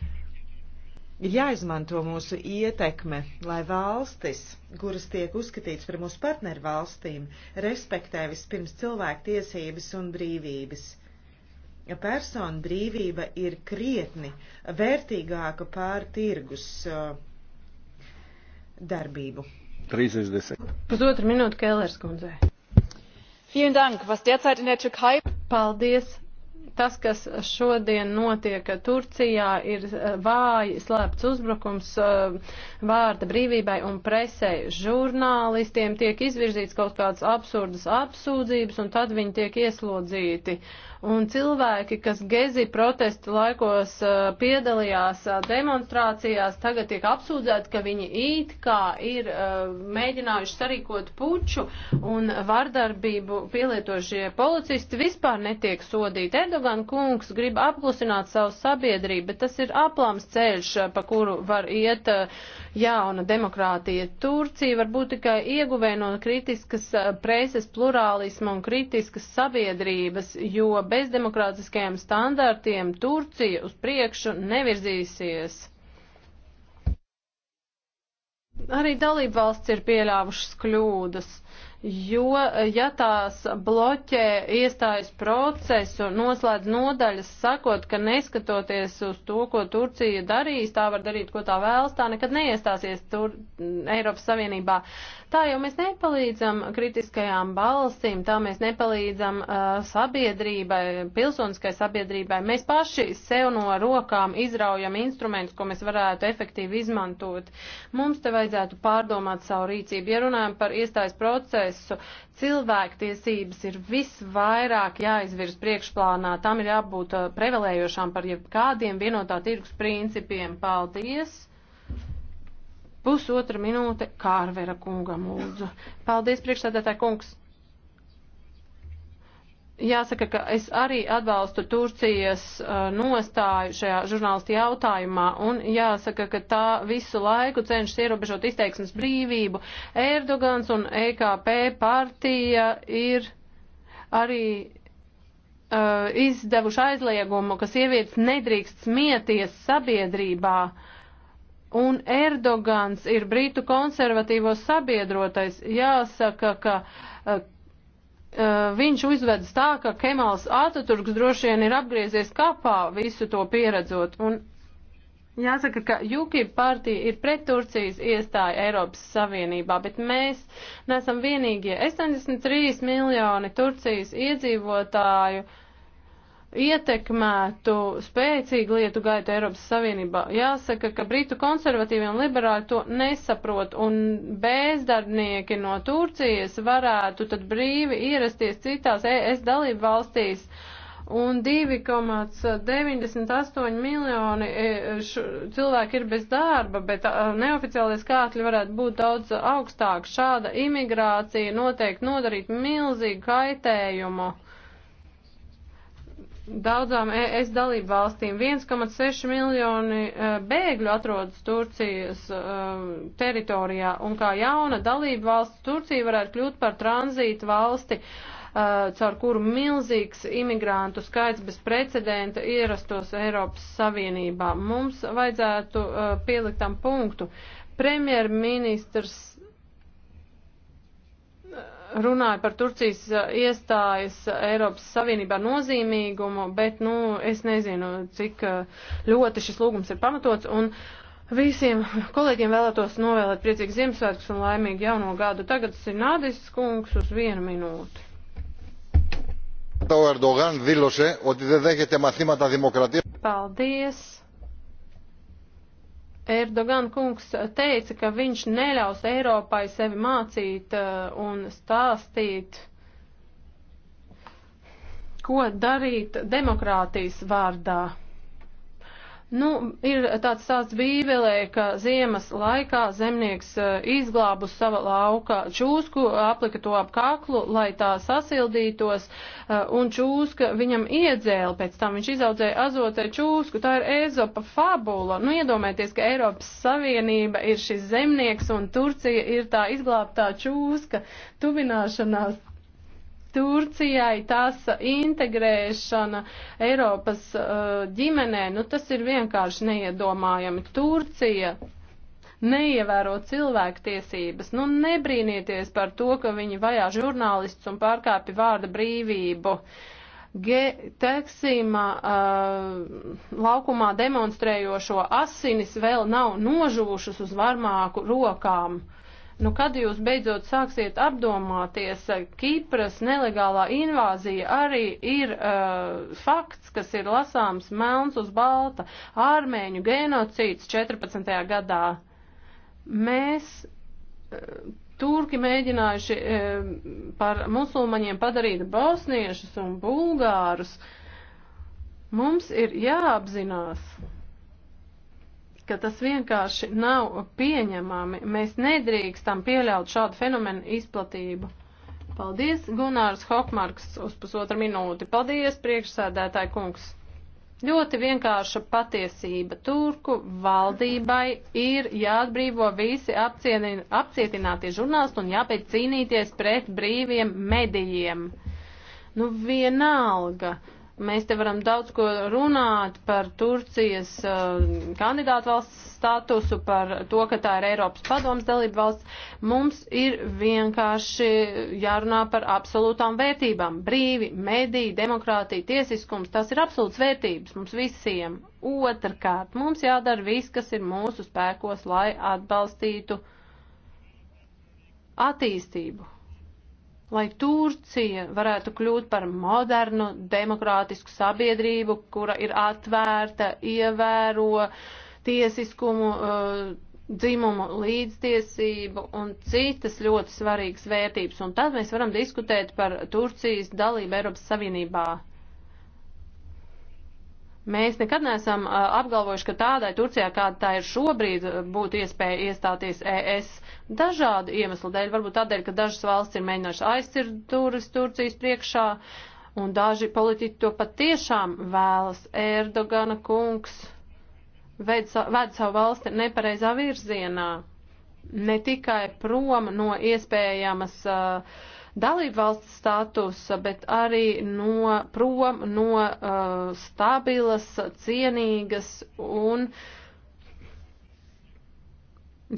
Ir jāizmanto mūsu ietekme, lai valstis, kuras tiek uzskatītas par mūsu partneru valstīm, respektē vispirms cilvēku tiesības un brīvības. Ja persona brīvība ir krietni vērtīgāka pār tirgus uh, darbību. 30. Pusotru minūtu Kēlers kundzei. Vielen Dank, was derzeit in der Türkei. Paldies, Tas, kas šodien notiek Turcijā, ir eh, vāji slēpts uzbrukums eh, vārda brīvībai un presē. Žurnālistiem tiek izvirzīts kaut kādas absurdas apsūdzības, un tad viņi tiek ieslodzīti un cilvēki, kas gezi protestu laikos uh, piedalījās uh, demonstrācijās, tagad tiek apsūdzēti, ka viņi it kā ir uh, mēģinājuši sarīkot puču un vardarbību pielietošie policisti vispār netiek sodīti. Erdogan Erdogan kungs grib apklusināt savu sabiedrību, bet tas ir aplams ceļš, pa kuru var iet eh, jauna demokrātija. Turcija var būt tikai ieguvē no kritiskas eh, preses plurālisma un kritiskas sabiedrības, jo bez demokrātiskajiem standartiem Turcija uz priekšu nevirzīsies. Arī dalība valsts ir pieļāvušas kļūdas jo, eh, ja tās bloķē iestājas procesu, noslēdz nodaļas, sakot, ka neskatoties uz to, ko Turcija darīs, tā var darīt, ko tā vēlas, tā nekad neiestāsies tur mm, Eiropas Savienībā. Tā jau mēs nepalīdzam kritiskajām balsīm, tā mēs nepalīdzam uh, sabiedrībai, pilsoniskai sabiedrībai. Mēs paši sev no rokām izraujam instrumentus, ko mēs varētu efektīvi izmantot. Mums te vajadzētu pārdomāt savu rīcību. Ja runājam par iestājas procesu, cilvēktiesības ir visvairāk jāizvirs priekšplānā. Tam ir jābūt uh, prevalējošām par jebkādiem vienotā tirgus principiem. Paldies! Pusotra minūte Kārvera kungam lūdzu. Paldies, priekšsēdētāji kungs. Jāsaka, ka es arī atbalstu Turcijas uh, nostāju šajā žurnālisti jautājumā un jāsaka, ka tā visu laiku cenšas ierobežot izteiksmes brīvību. Erdogans un EKP partija ir arī uh, izdevuši aizliegumu, ka sievietes nedrīkst smieties sabiedrībā. Uh, un Erdogans ir Brītu konservatīvo sabiedrotais. Jāsaka, ka uh, viņš uzvedas tā, ka Kemals Ataturks droši vien ir apgriezies kapā visu to pieredzot. Un Jāsaka, ka UKIP partija ir pret Turcijas iestāju Eiropas Savienībā, bet mēs nesam vienīgie. 83 miljoni Turcijas iedzīvotāju uh, ietekmētu spēcīgu lietu gaitu Eiropas Savienībā. Jāsaka, ka Britu konservatīvi un liberāli to nesaprot, un bezdarbnieki no Turcijas varētu tad brīvi ierasties citās ES dalību valstīs. Un 2,98 miljoni e, cilvēki ir bez darba, bet neoficiālie skātļi varētu būt daudz augstāk. Šāda imigrācija noteikti nodarītu milzīgu kaitējumu daudzām ES dalību valstīm. 1,6 miljoni e, bēgļu atrodas Turcijas e, teritorijā, un kā jauna dalību valsts Turcija varētu kļūt par tranzītu valsti, e, caur kuru milzīgs imigrantu skaits bez precedenta ierastos Eiropas Savienībā. Mums vajadzētu pielikt tam punktu. Premjerministrs runāja par Turcijas uh, iestājas uh, Eiropas Savienībā nozīmīgumu, bet, nu, es nezinu, cik uh, ļoti šis lūgums ir pamatots. Un visiem kolēģiem vēlētos novēlēt priecīgu Ziemassvētkus un laimīgu jauno gadu. Tagad tas ir Nādis Kungs uz vienu minūti. Paldies. Erdogan kungs teica, ka viņš neļaus Eiropai sevi mācīt uh, un stāstīt, ko darīt demokrātijas vārdā. Nu, ir tāds stāsts bībelē, ka ziemas laikā zemnieks eh, izglābu sava lauka čūsku, aplika to ap kaklu, lai tā sasildītos, eh, un čūska viņam iedzēla, pēc tam viņš izaudzēja azotē čūsku, tā ir Ezopa fabula. Nu, iedomājieties, ka Eiropas Savienība ir šis zemnieks, un Turcija ir tā izglābtā čūska tuvināšanās Turcijai tās integrēšana Eiropas uh, ģimenē, nu tas ir vienkārši neiedomājami. Turcija neievēro cilvēktiesības. Nu, nebrīnieties par to, ka viņi vajā žurnālists un pārkāpi vārda brīvību. Ge, teksīmā, uh, laukumā demonstrējošo asinis vēl nav nožuvušas uz varmāku rokām. Uh, Nu, kad jūs beidzot sāksiet apdomāties, Kīpras nelegālā invāzija arī ir uh, fakts, kas ir lasāms melns uz balta. Ārmēņu genocīds 14. gadā. Mēs. Uh, Turki mēģinājuši e, par musulmaņiem padarīt bosniešus un bulgārus. Mums ir jāapzinās, ka tas vienkārši nav pieņemami. Mēs nedrīkstam pieļaut šādu fenomenu izplatību. Paldies, Gunārs Hokmarks, uz pusotru minūti. Paldies, priekšsēdētāji kungs. Ļoti vienkārša patiesība. Turku valdībai ir jāatbrīvo visi apcieni, apcietinātie žurnālisti un jāpēc cīnīties pret brīviem medijiem. Nu, vienalga. Uh, Mēs te varam daudz ko runāt par Turcijas uh, kandidātu valsts statusu, par to, ka tā ir Eiropas padomas dalība valsts. Mums ir vienkārši jārunā par absolūtām vērtībām. Brīvi, mediji, demokrātija, tiesiskums, tas ir absolūts vērtības mums visiem. Otrkārt, mums jādara viss, kas ir mūsu spēkos, lai atbalstītu attīstību lai Turcija varētu kļūt par modernu, demokrātisku sabiedrību, kura ir atvērta, ievēro tiesiskumu, eh, dzimumu līdztiesību un citas ļoti svarīgas vērtības. Un tad mēs varam diskutēt par Turcijas dalību Eiropas Savienībā. Mēs nekad neesam uh, apgalvojuši, ka tādai Turcijā, kāda tā ir šobrīd, uh, būtu iespēja iestāties ES dažādu iemeslu dēļ. Varbūt tādēļ, ka dažas valsts ir mēģinājušas aizcirst durvis Turcijas priekšā, un daži politiķi to patiešām vēlas. Erdogana kungs ved, ved savu valsti nepareizā virzienā, ne tikai prom no iespējamas. Uh, dalībvalsts statusa, bet arī no prom no uh, stabilas, cienīgas un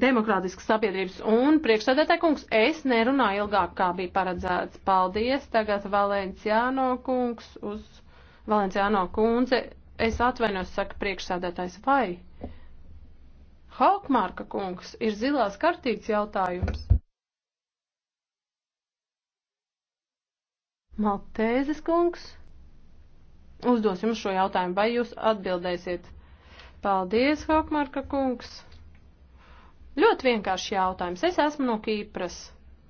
demokrātiskas sabiedrības. Un priekšsēdētāj kungs, es nerunāju ilgāk, kā bija paredzēts. Paldies, tagad Valenciāno kungs uz Valenciāno kundze. Es atvainojos, saka priekšsēdētājs, vai? Haukmārka kungs, ir zilās kartīts jautājums. Maltēzes kungs. Uzdos jums šo jautājumu, vai jūs atbildēsiet. Paldies, Hokmarka kungs. Ļoti vienkārši jautājums. Es esmu no Kīpras.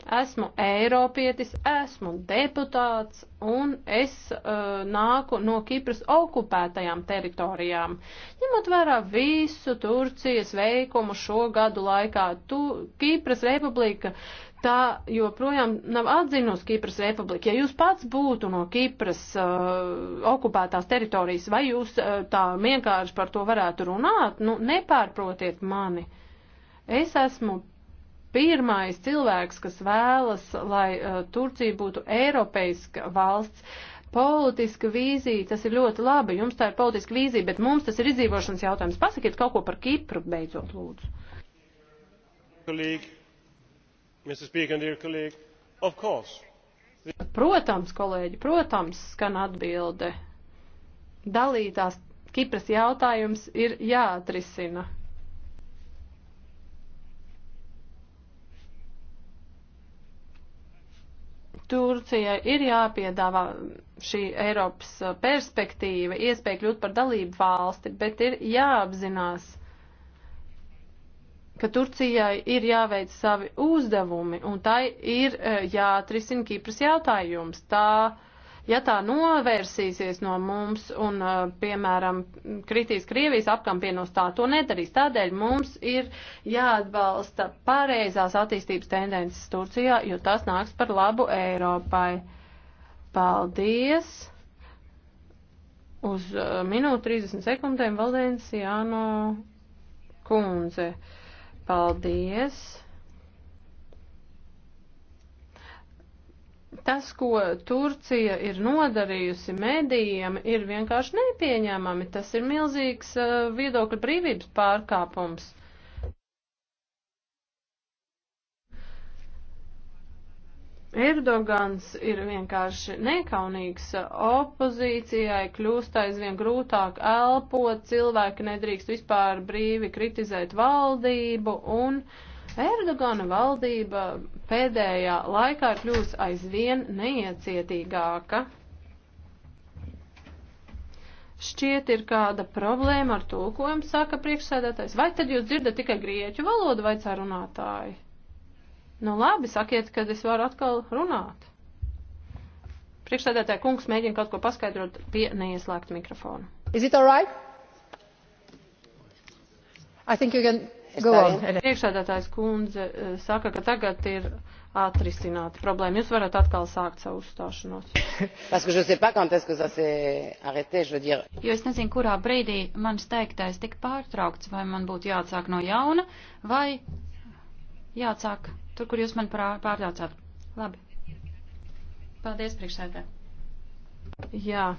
Esmu Eiropietis, esmu deputāts un es uh, nāku no Kipras okupētajām teritorijām. Ņemot vērā visu Turcijas veikumu šo gadu laikā, tu, Kipras republika uh, tā joprojām nav atzinusi Kipras republiku. Ja jūs pats būtu no Kipras uh, okupētās teritorijas, vai jūs uh, tā vienkārši par to varētu runāt, nu nepārprotiet mani. Es esmu pirmais cilvēks, kas vēlas, lai uh, Turcija būtu Eiropeiska valsts. Politiska vīzija, tas ir ļoti labi, jums tā ir politiska vīzija, bet mums tas ir izdzīvošanas jautājums. Pasakiet kaut ko par Kipru, beidzot, lūdzu. Kolīgi, Mr. Speaker, dear colleague, of course. Protams, kolēģi, protams, skan atbilde. Dalītās Kipras jautājums ir jāatrisina. Turcijai ir jāpiedāvā šī Eiropas uh, perspektīva, iespēja kļūt par dalību valsti, bet ir jāapzinās, ka Turcijai ir jāveic savi uzdevumi un tai ir uh, jāatrisina Kipras jautājums. Tā uh, Ja tā novērsīsies no mums un, piemēram, kritīs Krievijas apkampienos, tā to nedarīs. Tādēļ mums ir jāatbalsta pareizās attīstības tendences Turcijā, jo tas nāks par labu Eiropai. Paldies! Uz minūti 30 sekundēm Valenciāno kundze. Paldies! Tas, ko Turcija ir nodarījusi medijiem, ir vienkārši nepieņēmami. Tas ir milzīgs uh, viedokļa brīvības pārkāpums. Erdogans ir vienkārši nekaunīgs uh, opozīcijai, kļūst aizvien grūtāk elpot, cilvēki nedrīkst vispār brīvi kritizēt valdību, un Erdogana valdība pēdējā laikā ir kļūst aizvien neiecietīgāka. Šķiet ir kāda problēma ar tulkojumu, saka priekšsēdētājs. Vai tad jūs dzirdat tikai grieķu valodu vai cārunātāji? Nu labi, sakiet, kad es varu atkal runāt. Priekšsēdētāja kungs mēģina kaut ko paskaidrot pie neieslēgta mikrofona. Is it all right? I think you can Priekšādātājs kundze eh, saka, ka tagad ir atrisināta problēma. Jūs varat atkal sākt savu uzstāšanos. Jo es nezinu, kurā brīdī mans teiktais tika pārtraukts, vai man būtu jāatsāk no jauna, vai jāatsāk tur, kur jūs man pārtraucāt. Labi. Paldies, priekšsēdētāji. Jā.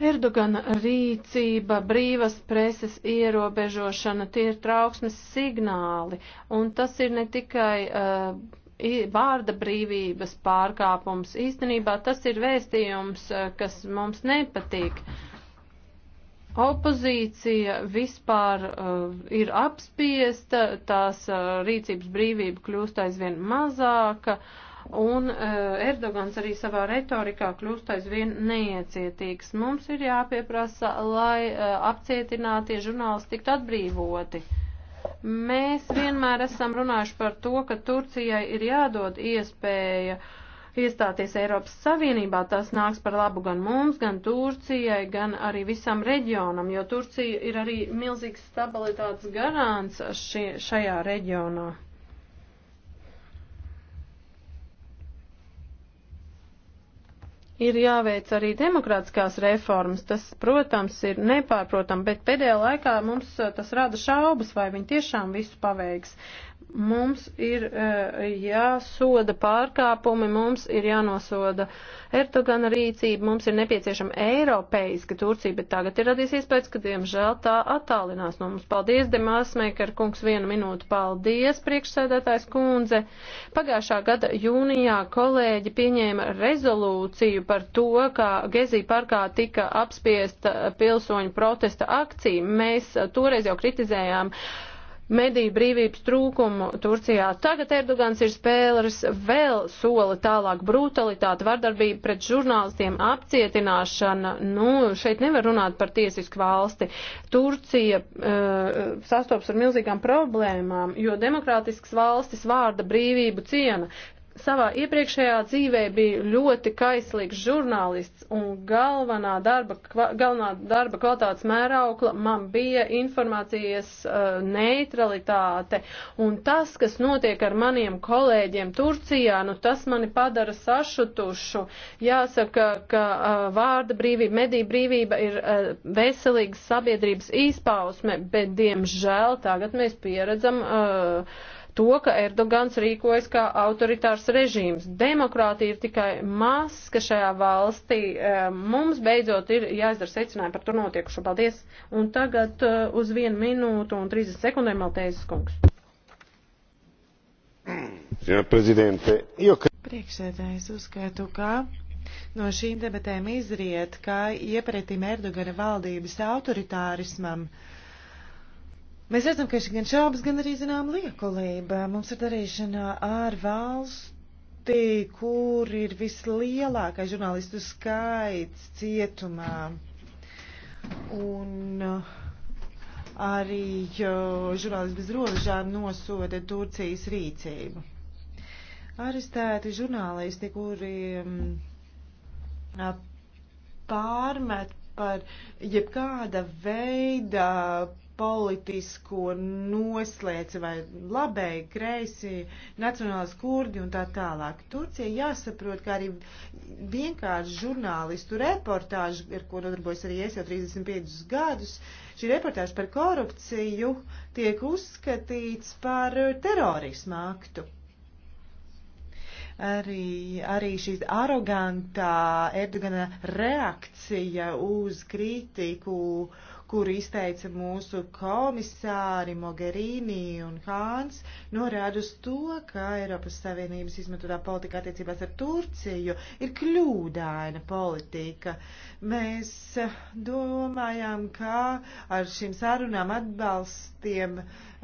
Erdogana rīcība, brīvas preses ierobežošana, tie ir trauksmes signāli, un tas ir ne tikai uh, vārda brīvības pārkāpums, īstenībā tas ir vēstījums, uh, kas mums nepatīk. Opozīcija vispār uh, ir apspiesta, tās uh, rīcības brīvība kļūst aizvien mazāka. Uh, Un uh, Erdogans arī savā retorikā kļūst aizvien neiecietīgs. Mums ir jāpieprasa, lai uh, apcietinātie žurnālisti tiktu atbrīvoti. Mēs vienmēr esam runājuši par to, ka Turcijai ir jādod iespēja iestāties Eiropas Savienībā. Tas nāks par labu gan mums, gan Turcijai, gan arī visam reģionam, jo Turcija ir arī milzīgs stabilitātes garants šie, šajā reģionā. ir jāveic arī demokrātiskās reformas. Tas, protams, ir nepārprotam, bet pēdējā laikā mums eh, tas rada šaubas, vai viņi tiešām visu paveiks. Uh, Mums ir uh, jāsoda pārkāpumi, mums ir jānosoda Erdogana rīcība, mums ir nepieciešama eiropeiska Turcija, bet tagad ir radies iespējas, ka diemžēl tā attālinās no mums. Paldies, Demāsmēkar kungs, vienu minūtu. Paldies, priekšsēdētājs kundze. Pagājušā gada jūnijā kolēģi pieņēma rezolūciju par to, kā Gezī parkā tika apspiesta pilsoņu protesta akcija. Mēs toreiz jau kritizējām uh, mediju brīvības trūkumu Turcijā. Tagad Erdogans ir spēlers vēl soli tālāk brutalitāte, vardarbība pret žurnālistiem, apcietināšana. Nu, šeit nevar runāt par tiesisku valsti. Turcija uh, eh, sastops ar milzīgām problēmām, jo demokrātiskas valstis vārda brīvību ciena savā iepriekšējā dzīvē bija ļoti kaislīgs žurnālists, un galvenā darba, kva, galvenā darba kvalitātes mēraukla man bija informācijas uh, neutralitāte, un tas, kas notiek ar maniem kolēģiem Turcijā, nu tas mani padara sašutušu. Jāsaka, ka uh, vārda brīvība, mediju brīvība ir uh, veselīgas sabiedrības izpausme, bet diemžēl tagad mēs pieredzam. Uh, to, ka Erdogans rīkojas kā autoritārs režīms. Demokrātija ir tikai maska šajā valstī. Eh, mums beidzot ir jāizdara secinājumi par to notiekušo. Paldies! Un tagad eh, uz vienu minūtu un 30 sekundēm Maltēzes kungs. Priekšsēdājs uzskaitu, ka no šīm debatēm izriet, ka iepratīm Erdogana valdības autoritārismam uh, Mēs redzam, ka ir gan šaubas, gan arī zinām liekulība. Mums ir darīšana ar valsti, kur ir vislielākais žurnālistu skaits cietumā. Un uh, arī uh, žurnālisti bez robežām nosoda Turcijas rīcību. Arestēti žurnālisti, kuri uh, pārmet par jebkāda veida politisko noslēdzi vai labēji, kreisi, nacionālas kurdi un tā tālāk. Turcija jāsaprot, kā arī vienkārši žurnālistu reportāžu, ar ko nodarbojas arī es jau 35 gadus, šī reportāža par korupciju tiek uzskatīts par terorismu aktu arī, arī šī arogantā Erdogana reakcija uz kritiku kur izteica mūsu komisāri Mogherīni un Hāns, norāda uz to, ka Eiropas Savienības izmetotā politika attiecībās ar Turciju ir kļūdaina politika. Mēs eh, domājām, ka ar šīm sarunām atbalstiem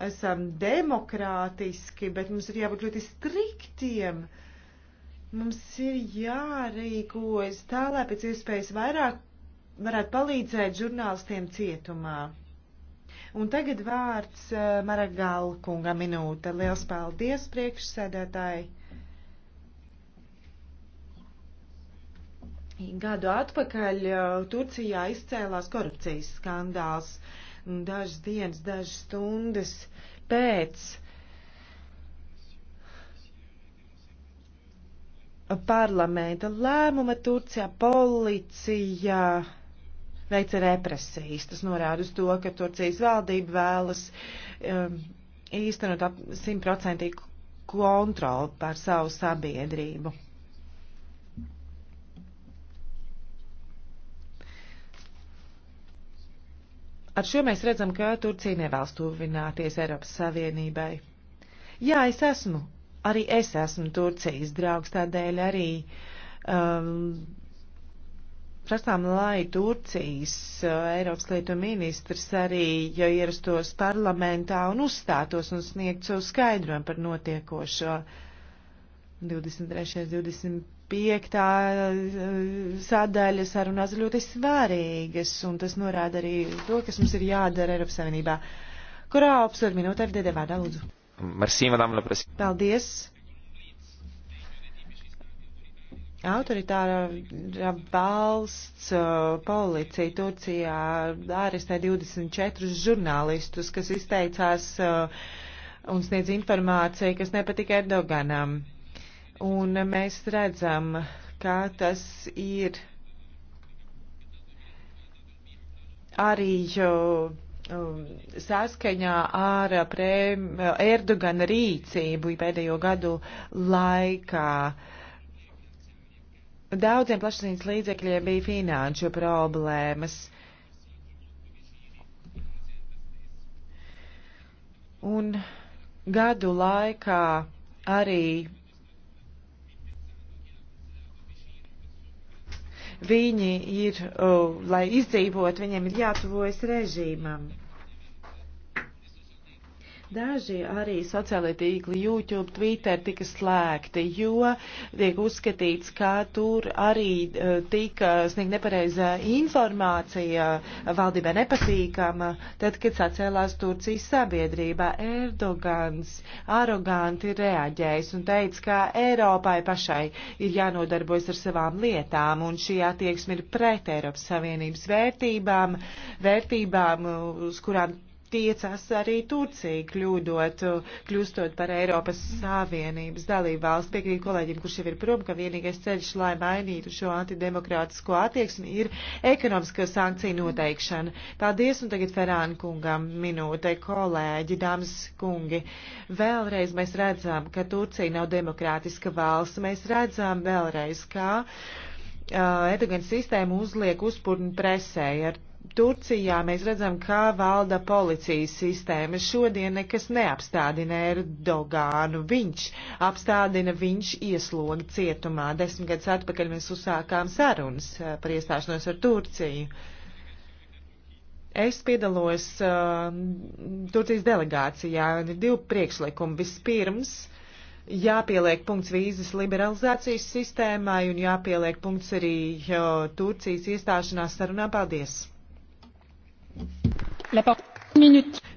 esam demokrātiski, bet mums ir jābūt ļoti striktiem. Mums ir jārīkojas tā, lai pēc iespējas vairāk varētu palīdzēt žurnālistiem cietumā. Un tagad vārds eh, Maragāla kunga minūte. Liels paldies, priekšsēdētāji! Gadu atpakaļ eh, Turcijā izcēlās korupcijas skandāls. Dažas dienas, dažas stundas pēc parlamenta lēmuma Turcijā policija veica represijas. Tas norāda uz to, ka Turcijas valdība vēlas um, īstenot ap simtprocentīgu kontroli pār savu sabiedrību. Ar šo mēs redzam, ka Turcija nevēlas tuvināties Eiropas Savienībai. Jā, es esmu. Arī es esmu Turcijas draugs, tādēļ arī um, prasām, lai Turcijas eh, Eiropas lietu ministrs arī ierastos parlamentā un uzstātos un sniegtu savu skaidrojumu par notiekošo 23. 25. Eh, sadaļa sarunās ļoti svārīgas, un tas norāda arī to, kas mums ir jādara Eiropas Savienībā. Kurā apsver minūte ar Dede vārdā, lūdzu? Merci, madame la Paldies! Autoritāra valsts uh, policija Turcijā ārestē 24 žurnālistus, kas izteicās uh, un sniedz informāciju, kas nepatika Erdoganam. Un mēs redzam, ka tas ir arī um, saskaņā ar Erdogana rīcību pēdējo gadu laikā. Uh, Daudziem plašsaziņas līdzekļiem bija finanšu problēmas. Un gadu laikā arī viņi ir, uh, lai izdzīvot, viņiem ir jātuvojas režīmam. Daži arī sociālai tīkli YouTube, Twitter tika slēgti, jo tiek uzskatīts, ka tur arī eh, tika sniegt nepareizā informācija, valdībai nepatīkama, tad, kad sacēlās Turcijas sabiedrībā. Erdogans aroganti reaģējis un teica, ka Eiropai pašai ir jānodarbojas ar savām lietām, un šī attieksme ir pret Eiropas Savienības vērtībām, vērtībām, uz kurām tiecās arī Turcija kļūdot, kļūstot par Eiropas Savienības dalību valsts. Piekrīt kolēģim, kurš jau ir prom, ka vienīgais ceļš, lai mainītu šo antidemokrātisko attieksmi, ir ekonomiska sankcija noteikšana. Paldies, un tagad Ferāna kungam minūte, kolēģi, dāmas kungi. Vēlreiz mēs redzam, ka Turcija nav demokrātiska valsts. Mēs redzam vēlreiz, kā. Uh, Erdogans sistēmu uzliek uzpurni presē. Ar Turcijā mēs redzam, kā valda policijas sistēma. Šodien nekas neapstādina Erdogānu. Viņš apstādina, viņš iesloga cietumā. Desmit gadus atpakaļ mēs uzsākām sarunas eh, par iestāšanos ar Turciju. Es piedalos uh, Turcijas delegācijā. Ir divi priekšlikumi. Vispirms jāpieliek punkts vīzas liberalizācijas sistēmai un jāpieliek punkts arī uh, Turcijas iestāšanās sarunā. Paldies!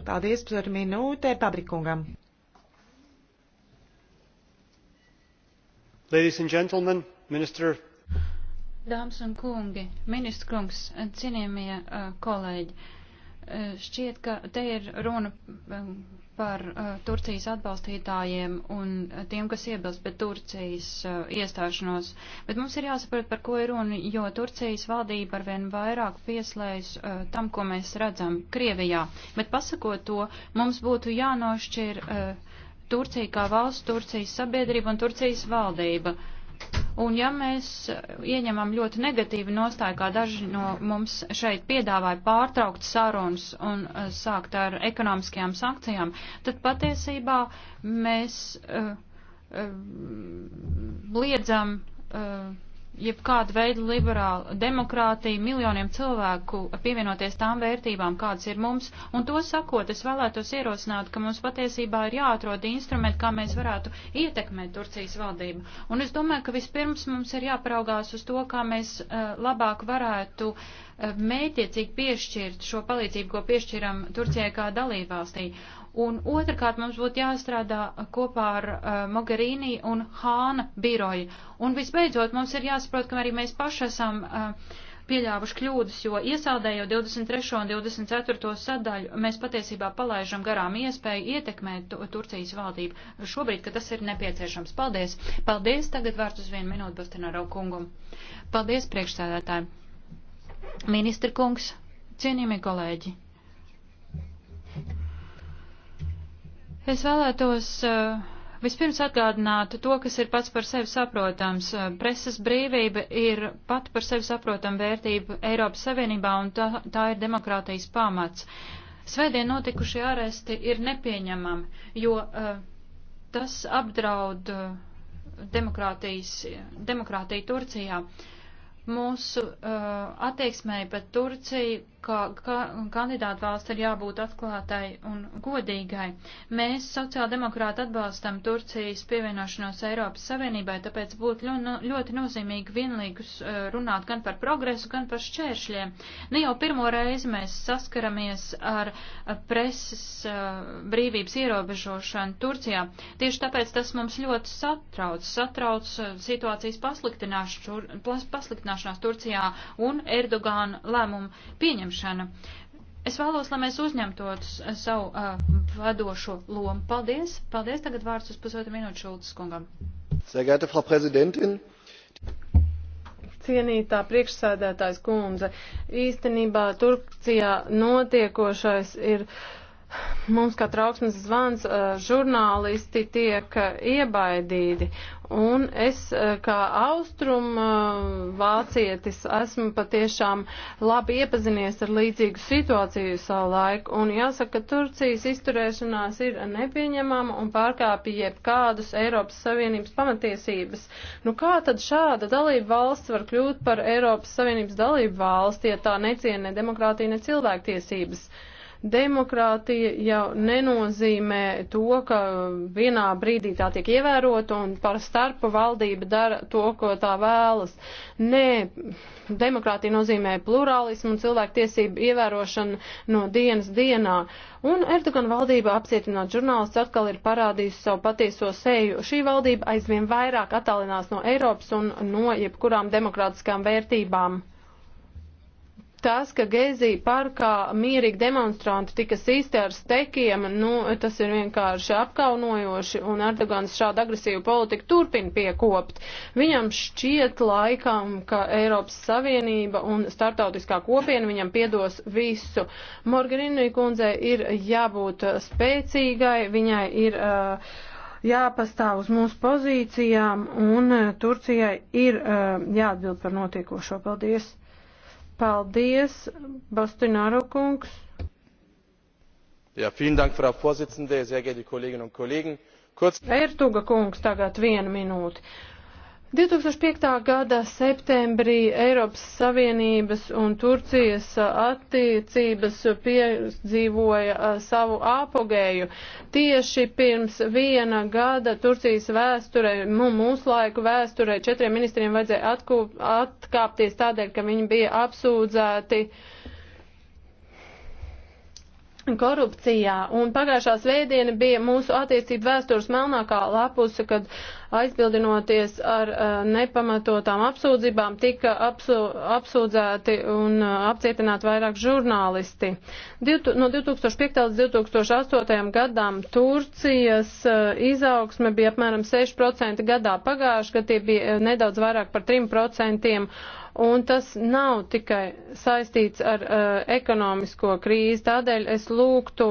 Paldies par minūtē Pabrikungam. Ladies and gentlemen, minister. Dāmas un kungi, ministrs kungs, cienījamie uh, kolēģi, uh, šķiet, ka te ir runa. Uh, par uh, Turcijas atbalstītājiem un tiem, kas iebilst pret Turcijas uh, iestāšanos, bet mums ir jāsaprot, par ko ir runa, jo Turcijas valdība arvien vairāk pieslējas uh, tam, ko mēs redzam Krievijā. Bet pasakot to, mums būtu jānošķir uh, Turcija kā valsts, Turcijas sabiedrība un Turcijas valdība. Uh, Un ja mēs ieņemam ļoti negatīvu nostāju, kā daži no mums šeit piedāvāja pārtraukt sarunas un uh, sākt ar ekonomiskajām sankcijām, tad patiesībā mēs uh, uh, liedzam uh, jebkāda veida liberāla demokrātija, miljoniem cilvēku pievienoties tām vērtībām, kādas ir mums. Un to sakot, es vēlētos ierosināt, ka mums patiesībā ir jāatrod instrumenti, kā mēs varētu ietekmēt Turcijas valdību. Un es domāju, ka vispirms mums ir jāparaugās uz to, kā mēs uh, labāk varētu uh, mētiecīgi piešķirt šo palīdzību, ko piešķiram Turcijai kā dalībvalstī. Uh, Un otrkārt mums būtu jāstrādā kopā ar uh, Mogherini un Hāna biroju. Un visbeidzot, mums ir jāsaprot, ka arī mēs paši esam uh, pieļāvuši kļūdas, jo iesaldējot 23. un 24. sadaļu, mēs patiesībā palaižam garām iespēju ietekmēt Turcijas valdību. Šobrīd, kad tas ir nepieciešams. Paldies! Paldies! Tagad vārds uz vienu minūtu Bastinārau kungum. Paldies, priekšsēdētāji! Ministra kungs, cienījamie kolēģi! Es vēlētos eh, vispirms atgādināt to, kas ir pats par sevi saprotams. Preses brīvība ir pat par sevi saprotama vērtība Eiropas Savienībā, un tā, tā ir demokrātijas pamats. Svētdien notikušie aresti ir nepieņemami, jo uh, tas apdraud uh, eh, demokrātiju Turcijā. Mūsu uh, attieksmē pret Turciju ka, ka kandidātu valsts ir jābūt atklātai un godīgai. Mēs sociāldemokrāti atbalstam Turcijas pievienošanos Eiropas Savienībai, tāpēc būtu ļoti nozīmīgi vienlīgus eh, runāt gan par progresu, gan par šķēršļiem. Ne jau pirmo reizi mēs saskaramies ar eh, preses eh, brīvības ierobežošanu Turcijā. Tieši tāpēc tas mums ļoti satrauc, satrauc situācijas pasliktināšanās Turcijā un Erdogāna lēmumu pieņemšanu pieņemšana. Es vēlos, lai mēs uzņemtos savu uh, vadošo lomu. Paldies! Paldies! Tagad vārds uz pusotru minūtu Šulcis kungam. Sehr geehrte Frau Präsidentin! cienītā priekšsēdētājs kundze, īstenībā Turcijā notiekošais ir uh, Mums kā trauksmes zvans žurnālisti tiek iebaidīti, Un es kā austrum vācietis esmu patiešām labi iepazinies ar līdzīgu situāciju savu laiku. Un jāsaka, ka Turcijas izturēšanās ir nepieņemama un pārkāpja jebkādus Eiropas Savienības pamatiesības. Nu kā tad šāda dalība valsts var kļūt par Eiropas Savienības dalību valsti, ja tā neciena ne demokrātija, ne cilvēktiesības? Uh, Demokrātija jau nenozīmē to, ka vienā brīdī tā tiek ievērota un par starpu valdība dara to, ko tā vēlas. Nē, demokrātija nozīmē plurālismu un cilvēktiesību ievērošanu no dienas dienā. Un Erdogan valdība apcietināt žurnālistus atkal ir parādījusi savu patieso seju. Šī valdība aizvien vairāk attālinās no Eiropas un no jebkurām demokrātiskām vērtībām tas, ka Gezī parkā mierīgi demonstranti tika sīsti ar stekiem, nu, tas ir vienkārši apkaunojoši, un Erdogans šādu agresīvu politiku turpina piekopt. Viņam šķiet laikam, ka Eiropas Savienība un startautiskā kopiena viņam piedos visu. Morganinui kundzei ir jābūt spēcīgai, viņai ir. Uh, jāpastāv uz mūsu pozīcijām, un Turcijai ir uh, jāatbild par notiekošo. Paldies! Paldies, Bostināro kungs. Ja, vielen Dank, Frau Vorsitzende, sehr geehrte Kolleginnen und Kollegen. Kurz... Ertuga kungs, tagad viena minūte. 2005. gada septembrī Eiropas Savienības un Turcijas attiecības piedzīvoja savu apogēju. Tieši pirms viena gada Turcijas vēsturē, nu, mūsu laiku vēsturē, četriem ministriem vajadzēja atkūp, atkāpties tādēļ, ka viņi bija apsūdzēti uh, korupcijā. Un pagājušā svētdiena bija mūsu attiecību vēstures melnākā lapuse, kad aizbildinoties ar uh, nepamatotām apsūdzībām tika apsū, apsūdzēti un uh, apcietināti vairāk žurnālisti. Divtu, no 2005. līdz 2008. gadām Turcijas uh, izaugsme bija apmēram 6% gadā. Pagājušajā gadā tie bija uh, nedaudz vairāk par 3% un tas nav tikai saistīts ar uh, ekonomisko krīzi. Tādēļ es lūgtu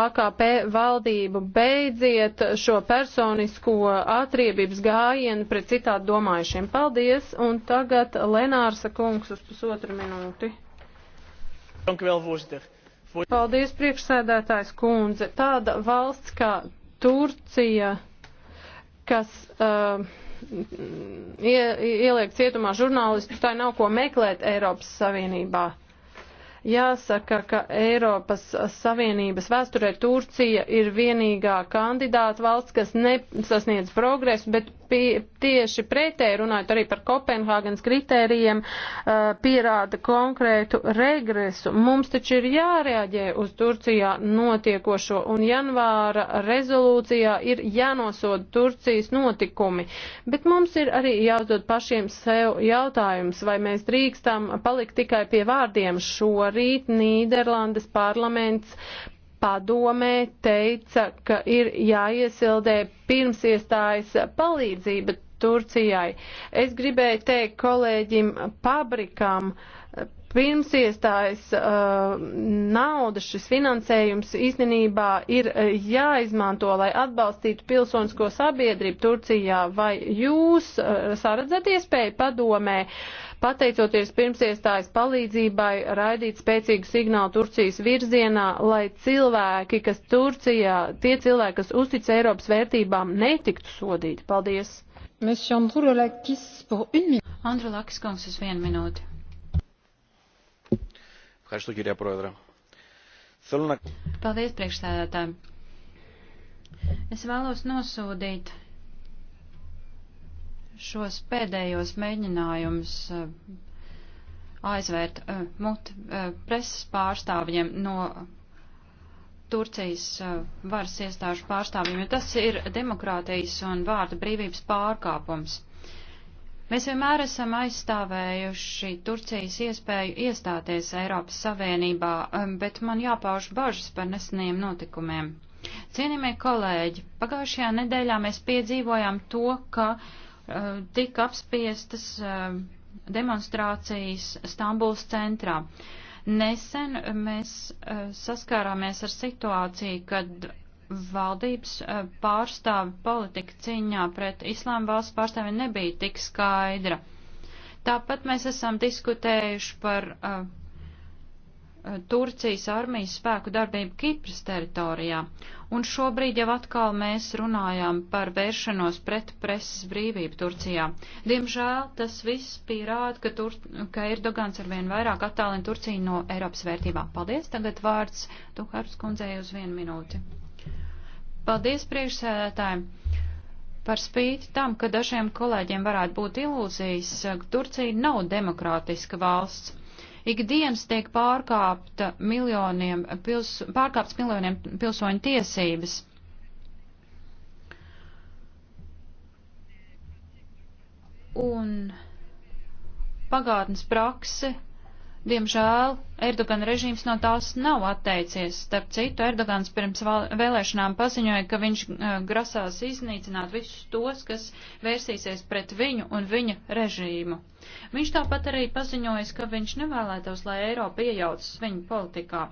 AKP valdību beidziet šo personisko atriebības gājienu pret citādi domājušiem. Paldies, un tagad Lenārsa kungs uz pusotru minūti. Dank u wel, voorzitter. Paldies, priekšsēdētājs kundze. Tāda valsts kā Turcija, kas. Uh, ie, ieliek cietumā žurnālistus, tai nav ko meklēt Eiropas Savienībā. Jāsaka, ka Eiropas Savienības vēsturē Turcija ir vienīgā kandidāta valsts, kas nesasniedz progresu, bet pie, tieši pretēji runājot arī par Kopenhāgenes kritērijiem, uh, pierāda konkrētu regresu. Mums taču ir jārēģē uz Turcijā notiekošo, un janvāra rezolūcijā ir jānosoda Turcijas notikumi. Bet mums ir arī jāuzdod pašiem sev jautājums, vai mēs drīkstam palikt tikai pie vārdiem šorīt rīt Nīderlandes parlaments padomē teica, ka ir jāiesildē pirms iestājas palīdzība Turcijai. Es gribēju teikt kolēģim Pabrikam, uh, pirms iestājas uh, nauda, šis finansējums īstenībā ir uh, jāizmanto, lai atbalstītu pilsonisko sabiedrību Turcijā. Vai jūs uh, saredzat iespēju padomē, pateicoties pirms iestājas palīdzībai, raidīt spēcīgu signālu Turcijas virzienā, lai cilvēki, kas Turcijā, tie cilvēki, kas uztic Eiropas vērtībām, netiktu sodīti? Paldies! Andrulakis kungs uz vienu minūti. Ευχαριστώ κυρία Πρόεδρε. Θέλω να... Paldies priekšstādātājiem. Es vēlos nosūdīt šos pēdējos mēģinājumus eh, aizvērt eh, mut eh, preses pārstāvjiem no Turcijas varas iestāžu pārstāvjiem, jo tas ir demokrātijas un vārda brīvības pārkāpums. Mēs vienmēr esam aizstāvējuši Turcijas iespēju iestāties Eiropas Savienībā, um, bet man jāpauž bažas par neseniem notikumiem. Cienījamie kolēģi, pagājušajā nedēļā mēs piedzīvojām to, ka uh, tika apspiestas uh, demonstrācijas Stambuls centrā. Nesen mēs uh, saskārāmies ar situāciju, kad valdības eh, pārstāvi politika cīņā pret islāma valsts pārstāvi nebija tik skaidra. Tāpat mēs esam diskutējuši par uh, Turcijas armijas spēku darbību Kipras teritorijā, un šobrīd jau atkal mēs runājām par vēršanos pret preses brīvību Turcijā. Diemžēl tas viss pierāda, ka, Tur ka Erdogans arvien vairāk attālina Turciju no Eiropas vērtībām. Paldies, tagad vārds Tukārs kundzei uz vienu minūti. Paldies priekšsēdētājiem! Par spīti tam, ka dažiem kolēģiem varētu būt ilūzijas, Turcija nav demokrātiska valsts. Ikdienas tiek pārkāpta miljoniem pils, pārkāpts miljoniem pilsoņu tiesības. Un pagātnes prakse Diemžēl Erdogan režīms no tās nav atteicies. Starp citu, Erdogans pirms vēlēšanām paziņoja, ka viņš eh, grasās iznīcināt visus tos, kas vērsīsies pret viņu un viņa režīmu. Viņš tāpat arī paziņojas, ka viņš nevēlētos, lai Eiropa iejaucas viņa politikā.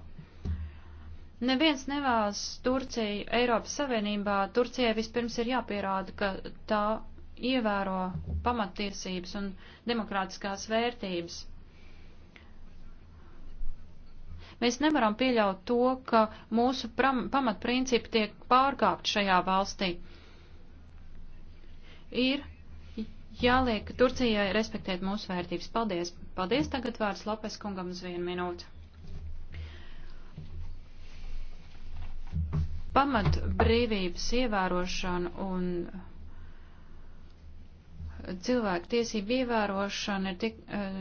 Neviens nevēlas Turciju Eiropas Savienībā. Turcijai vispirms ir jāpierāda, ka tā ievēro pamatiesības un demokrātiskās vērtības. Mēs nevaram pieļaut to, ka mūsu pamatprincipi tiek pārkāpt šajā valstī. Ir jāliek Turcijai respektēt mūsu vērtības. Paldies! Paldies tagad vārds Lopes kungam uz vienu minūti. Pamat brīvības ievērošana un cilvēku tiesību ievērošana ir tik. Uh,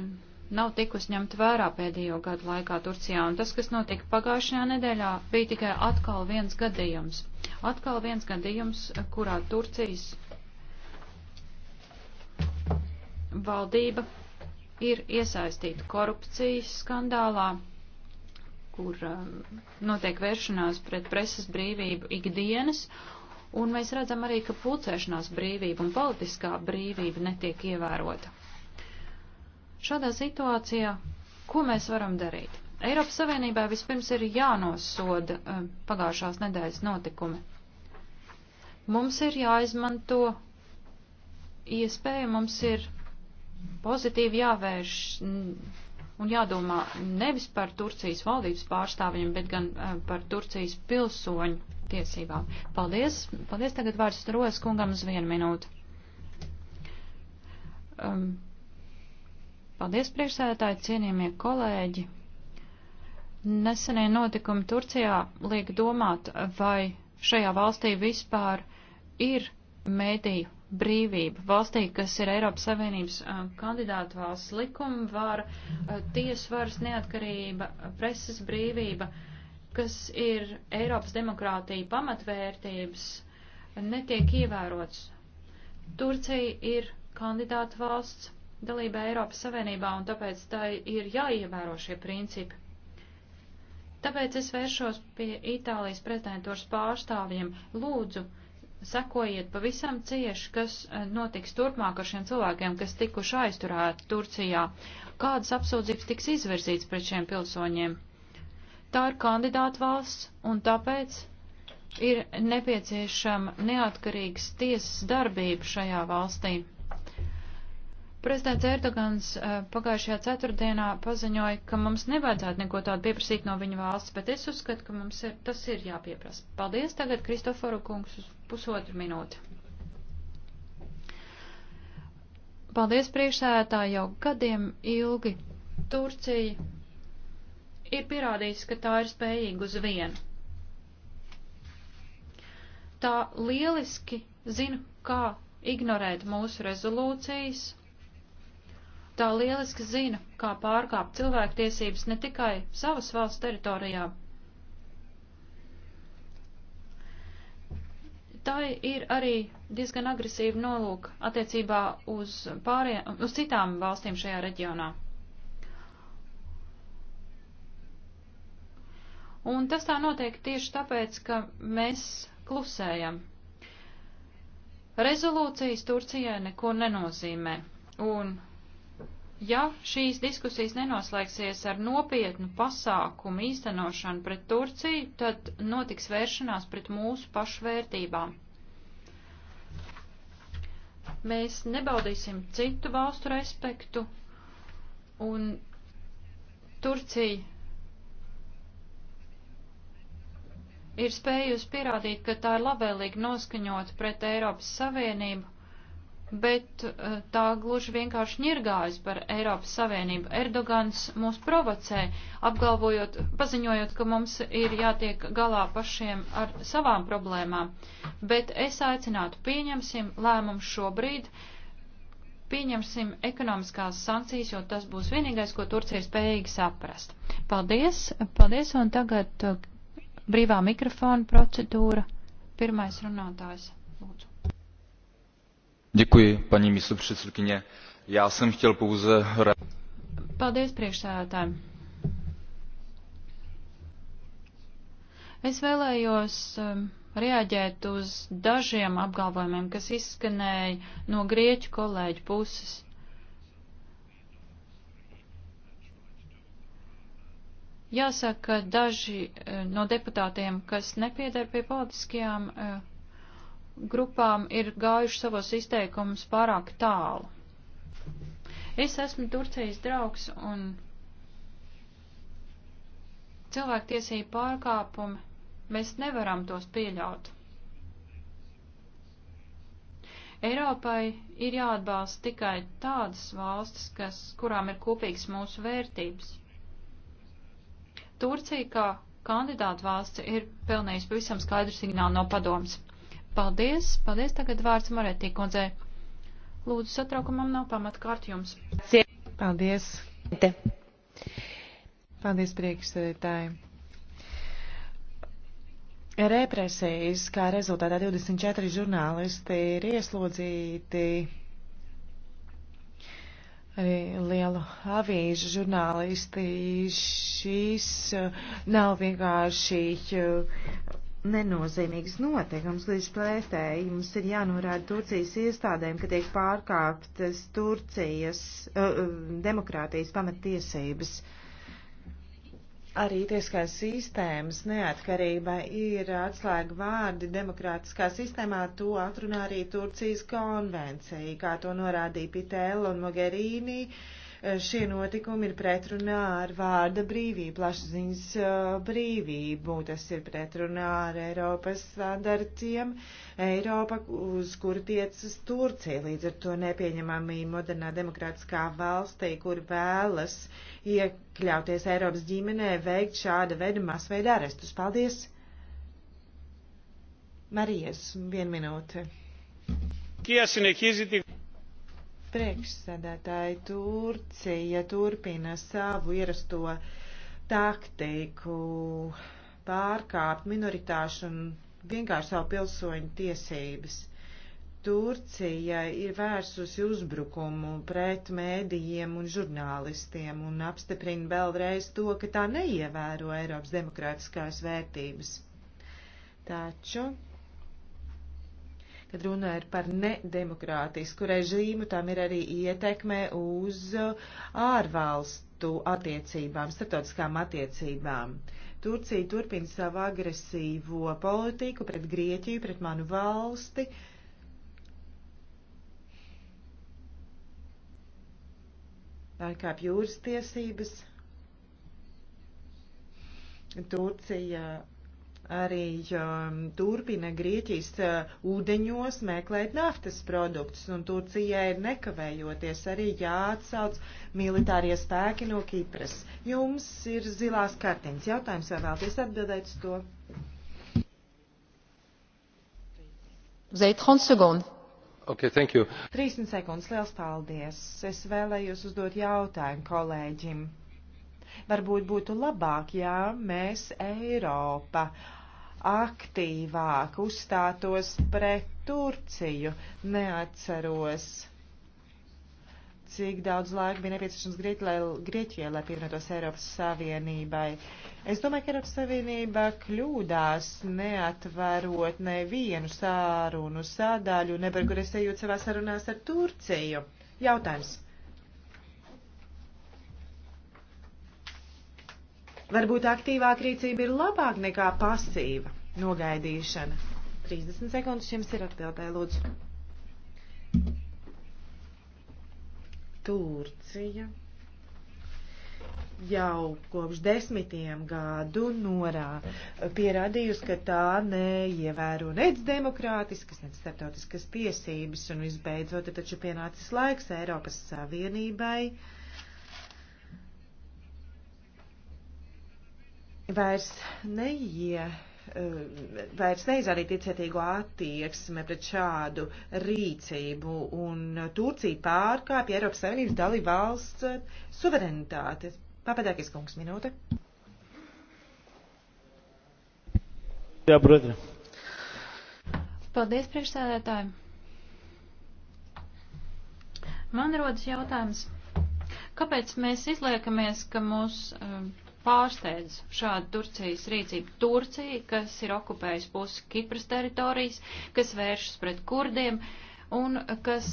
nav tikus ņemt vērā pēdējo gadu laikā Turcijā, un tas, kas notika pagājušajā nedēļā, bija tikai atkal viens gadījums. Atkal viens gadījums, kurā Turcijas valdība ir iesaistīta korupcijas skandālā, kur um, notiek vēršanās pret preses brīvību ikdienas, un mēs redzam arī, ka pulcēšanās brīvība un politiskā brīvība netiek ievērota. Šādā situācijā, ko mēs varam darīt? Eiropas Savienībā vispirms ir jānosoda eh, pagājušās nedēļas notikumi. Mums ir jāizmanto iespēja, mums ir pozitīvi jāvērš un jādomā nevis par Turcijas valdības pārstāvjiem, bet gan eh, par Turcijas pilsoņu tiesībām. Paldies, paldies tagad vārds Rojas kungam uz vienu minūtu. Um, Paldies, priekšsēdētāji, cienījamie kolēģi. Nesenie notikumi Turcijā liek domāt, vai šajā valstī vispār ir mēdīju brīvība. Valstī, kas ir Eiropas Savienības kandidātu valsts likuma, var tiesvaras neatkarība, preses brīvība, kas ir Eiropas demokrātija pamatvērtības, netiek ievērots. Turcija ir kandidātu valsts dalībā Eiropas Savienībā, un tāpēc tā ir jāievēro šie principi. Tāpēc es vēršos pie Itālijas prezidentūras pārstāvjiem. Lūdzu, sekojiet pavisam cieši, kas eh, notiks turpmāk ar šiem cilvēkiem, kas tikuši aizturēti Turcijā. Kādas apsūdzības tiks izvirzīts pret šiem pilsoņiem? Tā ir kandidāta valsts, un tāpēc ir nepieciešama neatkarīgas tiesas darbība šajā valstī. Prezidents Erdogans eh, pagājušajā ceturtdienā paziņoja, ka mums nevajadzētu neko tādu pieprasīt no viņa valsts, bet es uzskatu, ka mums ir, tas ir jāpieprasa. Paldies tagad Kristoforu kungs uz pusotru minūti. Paldies priekšsētā jau gadiem ilgi. Turcija ir pierādījusi, ka tā ir spējīga uz vienu. Tā lieliski zina, kā ignorēt mūsu rezolūcijas tā lieliski zina, kā pārkāpt cilvēktiesības ne tikai savas valsts teritorijā. Tā ir arī diezgan agresīva nolūka attiecībā uz, pārie, uz citām valstīm šajā reģionā. Un tas tā notiek tieši tāpēc, ka mēs klusējam. Rezolūcijas Turcijai neko nenozīmē, un Ja šīs diskusijas nenoslēgsies ar nopietnu pasākumu īstenošanu pret Turciju, tad notiks vēršanās pret mūsu pašu vērtībām. Mēs nebaudīsim citu valstu respektu, un Turcija ir spējusi pierādīt, ka tā ir labvēlīgi noskaņota pret Eiropas Savienību, bet eh, tā gluži vienkārši ņirgājas par Eiropas Savienību. Erdogans mūs provocē, apgalvojot, paziņojot, ka mums ir jātiek galā pašiem ar savām problēmām. Bet es aicinātu, pieņemsim lēmumu šobrīd, pieņemsim ekonomiskās sankcijas, jo tas būs vienīgais, ko Turcija ir spējīga saprast. Paldies, paldies, un tagad eh, brīvā mikrofona procedūra. Pirmais runātājs, lūdzu paní předsedající já jsem chtěl pouze reagovat. paldies priekšsēdētājam. Es vēlējos um, reaģēt uz dažiem apgalvojumiem, kas izskanēja no grieķu kolēģu puses. Jāsaka, daži eh, no deputātiem, kas nepiedar pie politiskajām uh, grupām ir gājuši savos izteikumus pārāk tālu. Es esmu Turcijas draugs un cilvēktiesību pārkāpumi, mēs nevaram tos pieļaut. Eiropai ir jāatbalsta tikai tādas valstis, kas, kurām ir kopīgs mūsu vērtības. Turcija kā kandidāta valsts ir pelnījusi pavisam skaidru signālu no padomas. Paldies, paldies tagad vārds Maretī kundzei. Lūdzu, satraukumam nav pamatkārt jums. Paldies. Paldies, priekšsēdētāji. Represijas, kā rezultātā 24 žurnālisti ir ieslodzīti arī lielu avīžu žurnālisti. Šīs uh, nav vienkārši uh, nenozīmīgs notikums, līdz plētēji mums ir jānorāda Turcijas iestādēm, ka tiek pārkāptas Turcijas uh, uh demokrātijas pamatiesības. Arī tieskās sistēmas neatkarība ir atslēga vārdi demokrātiskā sistēmā, to atrunā arī Turcijas konvencija, kā to norādīja Pitēla un Mogherīni. Uh, šie notikumi ir pretrunā ar vārda brīvību, plašsaziņas brīvību. Tas ir pretrunā ar Eiropas standartiem, Eiropa, uz kur tiecas Turcija. Līdz ar to nepieņemami modernā demokrātiskā valstī, kur vēlas iekļauties Eiropas ģimenē, veikt šāda veida masveida arestus. Paldies! Marijas, viena minūte. Kies, Priekšsēdētāji Turcija turpina savu ierasto taktiku pārkāpt minoritāšu un vienkārši savu pilsoņu tiesības. Turcija ir vērsusi uzbrukumu pret mēdījiem un žurnālistiem un apstiprina vēlreiz to, ka tā neievēro Eiropas demokrātiskās vērtības. Taču kad runa ir par nedemokrātisku režīmu, tam ir arī ietekme uz ārvalstu attiecībām, starptautiskām attiecībām. Turcija turpina savu agresīvo politiku pret Grieķiju, pret manu valsti. Pārkāp jūras tiesības. Turcija arī um, turpina Grieķijas uh, ūdeņos meklēt naftas produktus, un Turcijai ir nekavējoties arī jāatsauc militārie spēki no Kipras. Jums ir zilās kartiņas jautājums, vai vēlties atbildēt uz to? Zait 30 sekundes. Okay, 30 sekundes, liels paldies. Es vēlējos uzdot jautājumu kolēģim. Varbūt būtu labāk, ja mēs Eiropa aktīvāk uzstātos pret Turciju. Neatceros cik daudz laika bija nepieciešams Grieķijai, lai pievienotos Eiropas Savienībai. Es domāju, ka Eiropas Savienība kļūdās neatverot nevienu sārunu sādaļu, neberguresējot savā sarunās ar Turciju. Jautājums. Varbūt aktīvāk rīcība ir labāk nekā pasīva nogaidīšana. 30 sekundes jums ir atbildē, lūdzu. Turcija jau kopš desmitiem gadu norā pierādījusi, ka tā neievēro nec demokrātiskas, nec starptautiskas tiesības, un visbeidzot, taču pienācis laiks Eiropas Savienībai uh, vairs neie. Eh, vairs neizrādīt ticētīgo attieksmi pret šādu rīcību, un Turcija pārkāpja Eiropas Savienības dalību valsts suverenitātes. Papadākis kungs, minūte. Jā, brother. Paldies, priekšsēdētāji. Man rodas jautājums, kāpēc mēs izliekamies, ka mūsu. Uh, eh, pārsteidz šāda Turcijas rīcība. Turcija, kas ir okupējusi pusi Kipras teritorijas, kas vēršas pret kurdiem un kas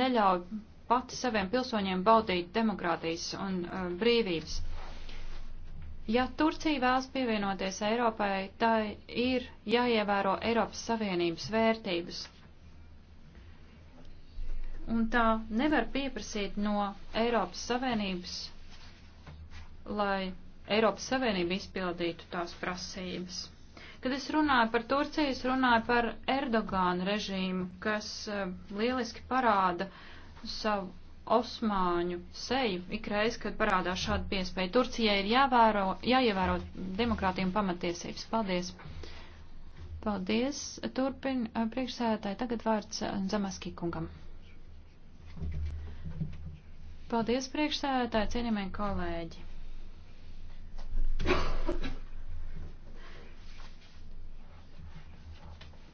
neļauj pati saviem pilsoņiem baudīt demokrātijas un uh, brīvības. Ja Turcija vēlas pievienoties Eiropai, tai ir jāievēro Eiropas Savienības vērtības. Un tā nevar pieprasīt no Eiropas Savienības lai Eiropas Savienība izpildītu tās prasības. Kad es runāju par Turciju, es runāju par Erdogānu režīmu, kas eh, lieliski parāda savu osmāņu seju ikreiz, kad parādās šāda piespēja. Turcijai ir jāvēro, jāievēro demokrātiem pamatiesības. Paldies! Paldies! Turpin eh, priekšsēdētāji. Tagad vārds eh, Zamaskī kungam. Paldies priekšsēdētāji, cienījamie kolēģi!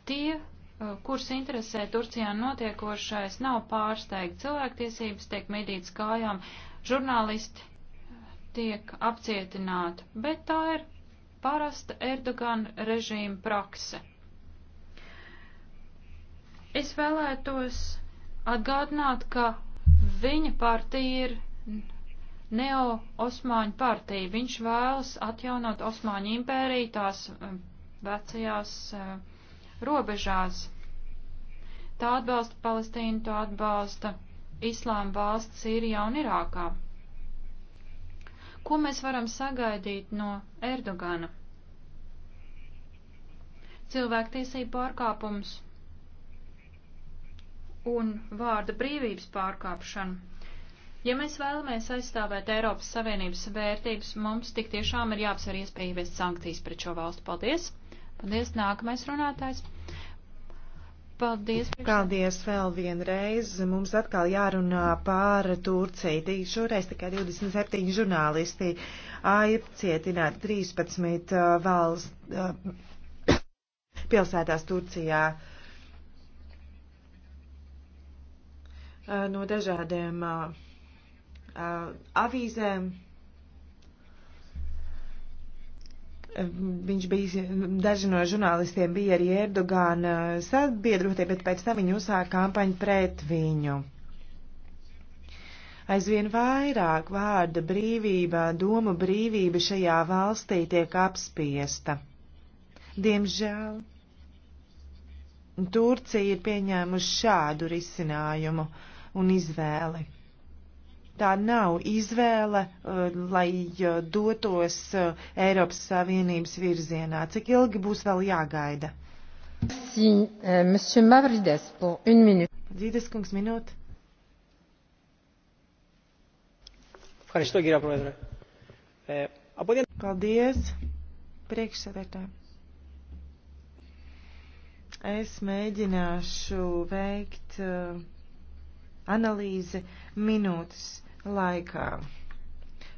Tie, uh, kurus interesē Turcijā notiekošais, nav pārsteigti. Cilvēktiesības tiek medītas kājām, žurnālisti tiek apcietināti, bet tā ir parasta Erdogan režīma prakse. Es vēlētos atgādināt, ka viņa partija ir neo-osmaņu partiju. Viņš vēlas atjaunot Osmaņu impēriju tās um, vecajās uh, robežās. Tā atbalsta Palestīnu, tā atbalsta Islāma valsts Sīrijā un Irākā. Ko mēs varam sagaidīt no Erdogana? Cilvēktiesību pārkāpums un vārda brīvības pārkāpšana. Ja mēs vēlamies aizstāvēt Eiropas Savienības vērtības, mums tik tiešām ir jāapsver iespēja ieviest sankcijas pret šo valstu. Paldies! Paldies! Nākamais runātājs! Paldies! Priekšā. Paldies vēl vienreiz. Mums atkal jārunā par Turciju. Šoreiz tikai 27 žurnālisti aicietināti 13 uh, valsts uh, pilsētās Turcijā uh, no dažādiem uh, Uh, avīzēm. Um, viņš bija, daži no žurnālistiem bija arī Erdogāna sabiedrotie, bet pēc tam viņi uzsāka kampaņu pret viņu. Aizvien vairāk vārda brīvība, domu brīvība šajā valstī tiek apspiesta. Diemžēl Turcija ir pieņēmusi šādu risinājumu un izvēli tā nav izvēle, eh, lai eh, dotos eh, Eiropas Savienības virzienā. Cik ilgi būs vēl jāgaida? Dzīves kungs, minūte. Paldies, priekšsēdētāji. Es mēģināšu veikt uh, analīzi minūtes laikā.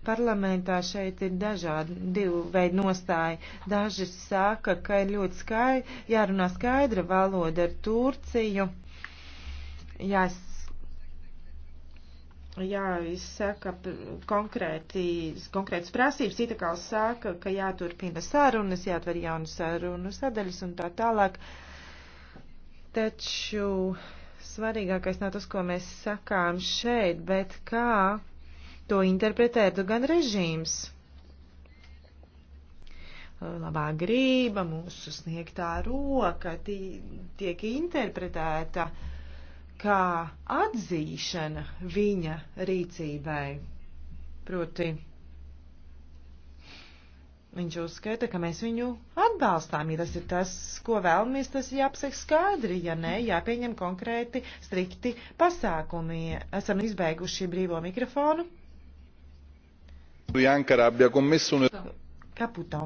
Parlamentā šeit ir dažādi divu veidu nostāji. Daži saka, ka ir ļoti skaidri, jārunā skaidra valoda ar Turciju. Jās Jā, izsaka konkrētas prasības. Itākāls saka, ka jāturpina sarunas, jāatver jaunas sarunu sadaļas un tā tālāk. Taču svarīgākais nav tas, ko mēs sakām šeit, bet kā to interpretē Erdogan režīms. Labā grība, mūsu sniegtā roka tiek interpretēta kā atzīšana viņa rīcībai. Proti, Viņš uzskata, ka mēs viņu atbalstām. Ja tas ir tas, ko vēlamies, tas jāpasaka skaidri. Ja nē, jāpieņem konkrēti, strikti pasākumi. Esam izbeiguši brīvo mikrofonu. Jankarā bija komisija un. Kaputo.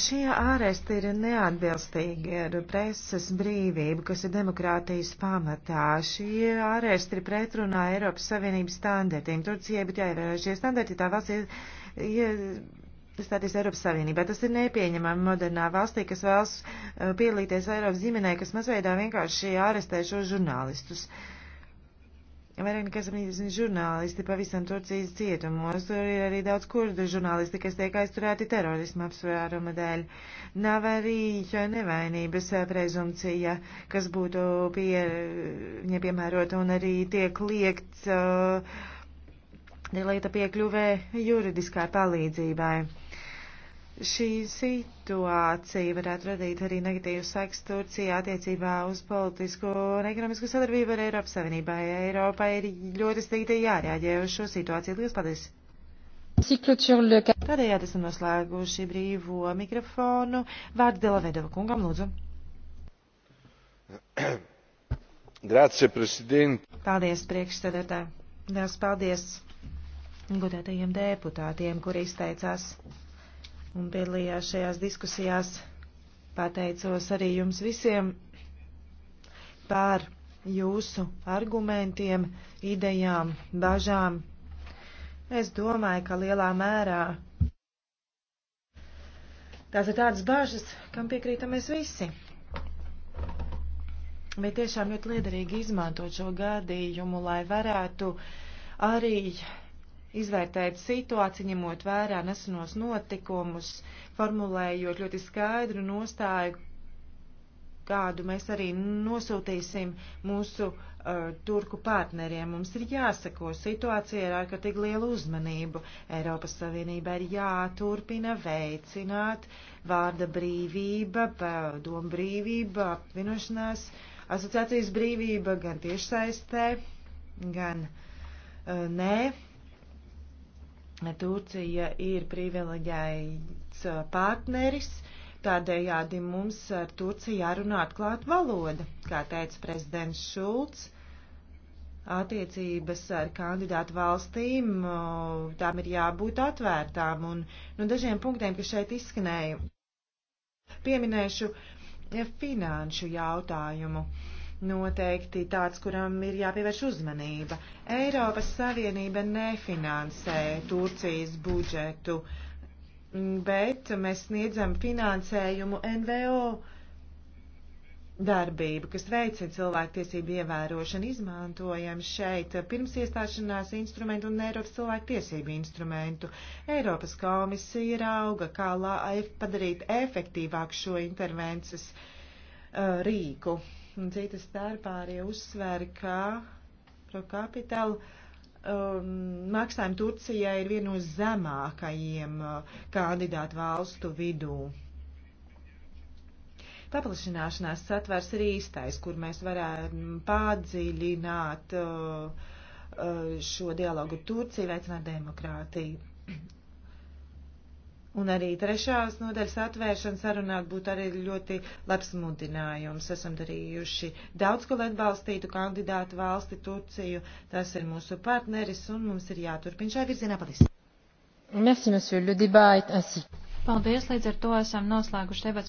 Šie āresti ir neatbilstīgi ar preses brīvību, kas ir demokrātijas pamatā. Šie āresti ir pretrunā Eiropas Savienības standartiem. Turcijai būtu jāievēro šie standarti, tā valsts ir. Ja, Stāties Eiropas Savienībā. Tas ir nepieņemami modernā valstī, kas vēlas uh, pielīties Eiropas ģimenē, kas mazveidā vienkārši ārestē šo žurnālistus. Uh, Vairāk nekā 70 žurnālisti pavisam Turcijas cietumos. Tur ir arī daudz kurdu žurnālisti, kas tiek aizturēti terorisma apsvēruma dēļ. Nav arī nevainības prezumcija, kas būtu pie, nepiemērota un arī tiek liegts uh, lieta piekļuvē juridiskai palīdzībai. Šī situācija varētu radīt arī negatīvu saiks Turcijā attiecībā uz politisko un ekonomisko sadarbību ar Eiropas Savienībai. Eiropai ir ļoti strikti jārēģē uz šo situāciju. Lielas paldies! Tādējādi esam noslēguši brīvo mikrofonu. Vārds Delavedova kungam, lūdzu. Grācie, prezident. Paldies, priekšsēdētāji. Lielas paldies godētajiem deputātiem, kur izteicās un piedalījās šajās diskusijās. Pateicos arī jums visiem par jūsu argumentiem, idejām, bažām. Es domāju, ka lielā mērā tās ir tādas bažas, kam piekrītam mēs visi. Bet tiešām ļoti liederīgi izmantot šo gadījumu, lai varētu arī izvērtēt situāciju, ņemot vērā nesenos notikumus, formulējot ļoti skaidru nostāju, kādu mēs arī nosūtīsim mūsu uh, turku partneriem. Mums ir jāsako situācija ar ārkārtīgi lielu uzmanību. Eiropas Savienībā ir jāturpina veicināt vārda brīvība, doma brīvība, apvienošanās, asociācijas brīvība gan tiešsaistē, gan uh, nē Turcija ir privileģēts uh, partneris, tādējādi mums ar Turciju jārunā atklāt valoda, kā teica prezidents Šulcs. Attiecības ar kandidātu valstīm, uh, tām ir jābūt atvērtām un nu, dažiem punktiem, kas šeit izskanēja. Pieminēšu finanšu jautājumu. Uh, noteikti tāds, kuram ir jāpievērš uzmanība. Eiropas Savienība nefinansē Turcijas budžetu, bet mēs sniedzam finansējumu NVO darbību, kas veicina cilvēktiesību ievērošanu, izmantojam šeit pirms iestāšanās instrumentu un Eiropas cilvēktiesību instrumentu. Eiropas komisija rauga, kā lai padarīt efektīvāk šo intervences uh, rīku un citas starpā arī uzsver, ka pro kapitālu um, maksājumi Turcijai ir vienu no zemākajiem uh, kandidātu valstu vidū. Paplašināšanās satvers ir īstais, kur mēs varētu padziļināt uh, uh, šo dialogu Turciju, veicināt demokrātiju. Un arī trešās nodaļas atvēršana sarunāt būtu arī ļoti labs mudinājums. Esam darījuši daudz, ko lai atbalstītu kandidātu valsti Turciju. Tas ir mūsu partneris un mums ir jāturpina šajā virzienā. Paldies! Merci, monsieur. Le débat est ainsi. Paldies, līdz ar to esam noslēguši debats.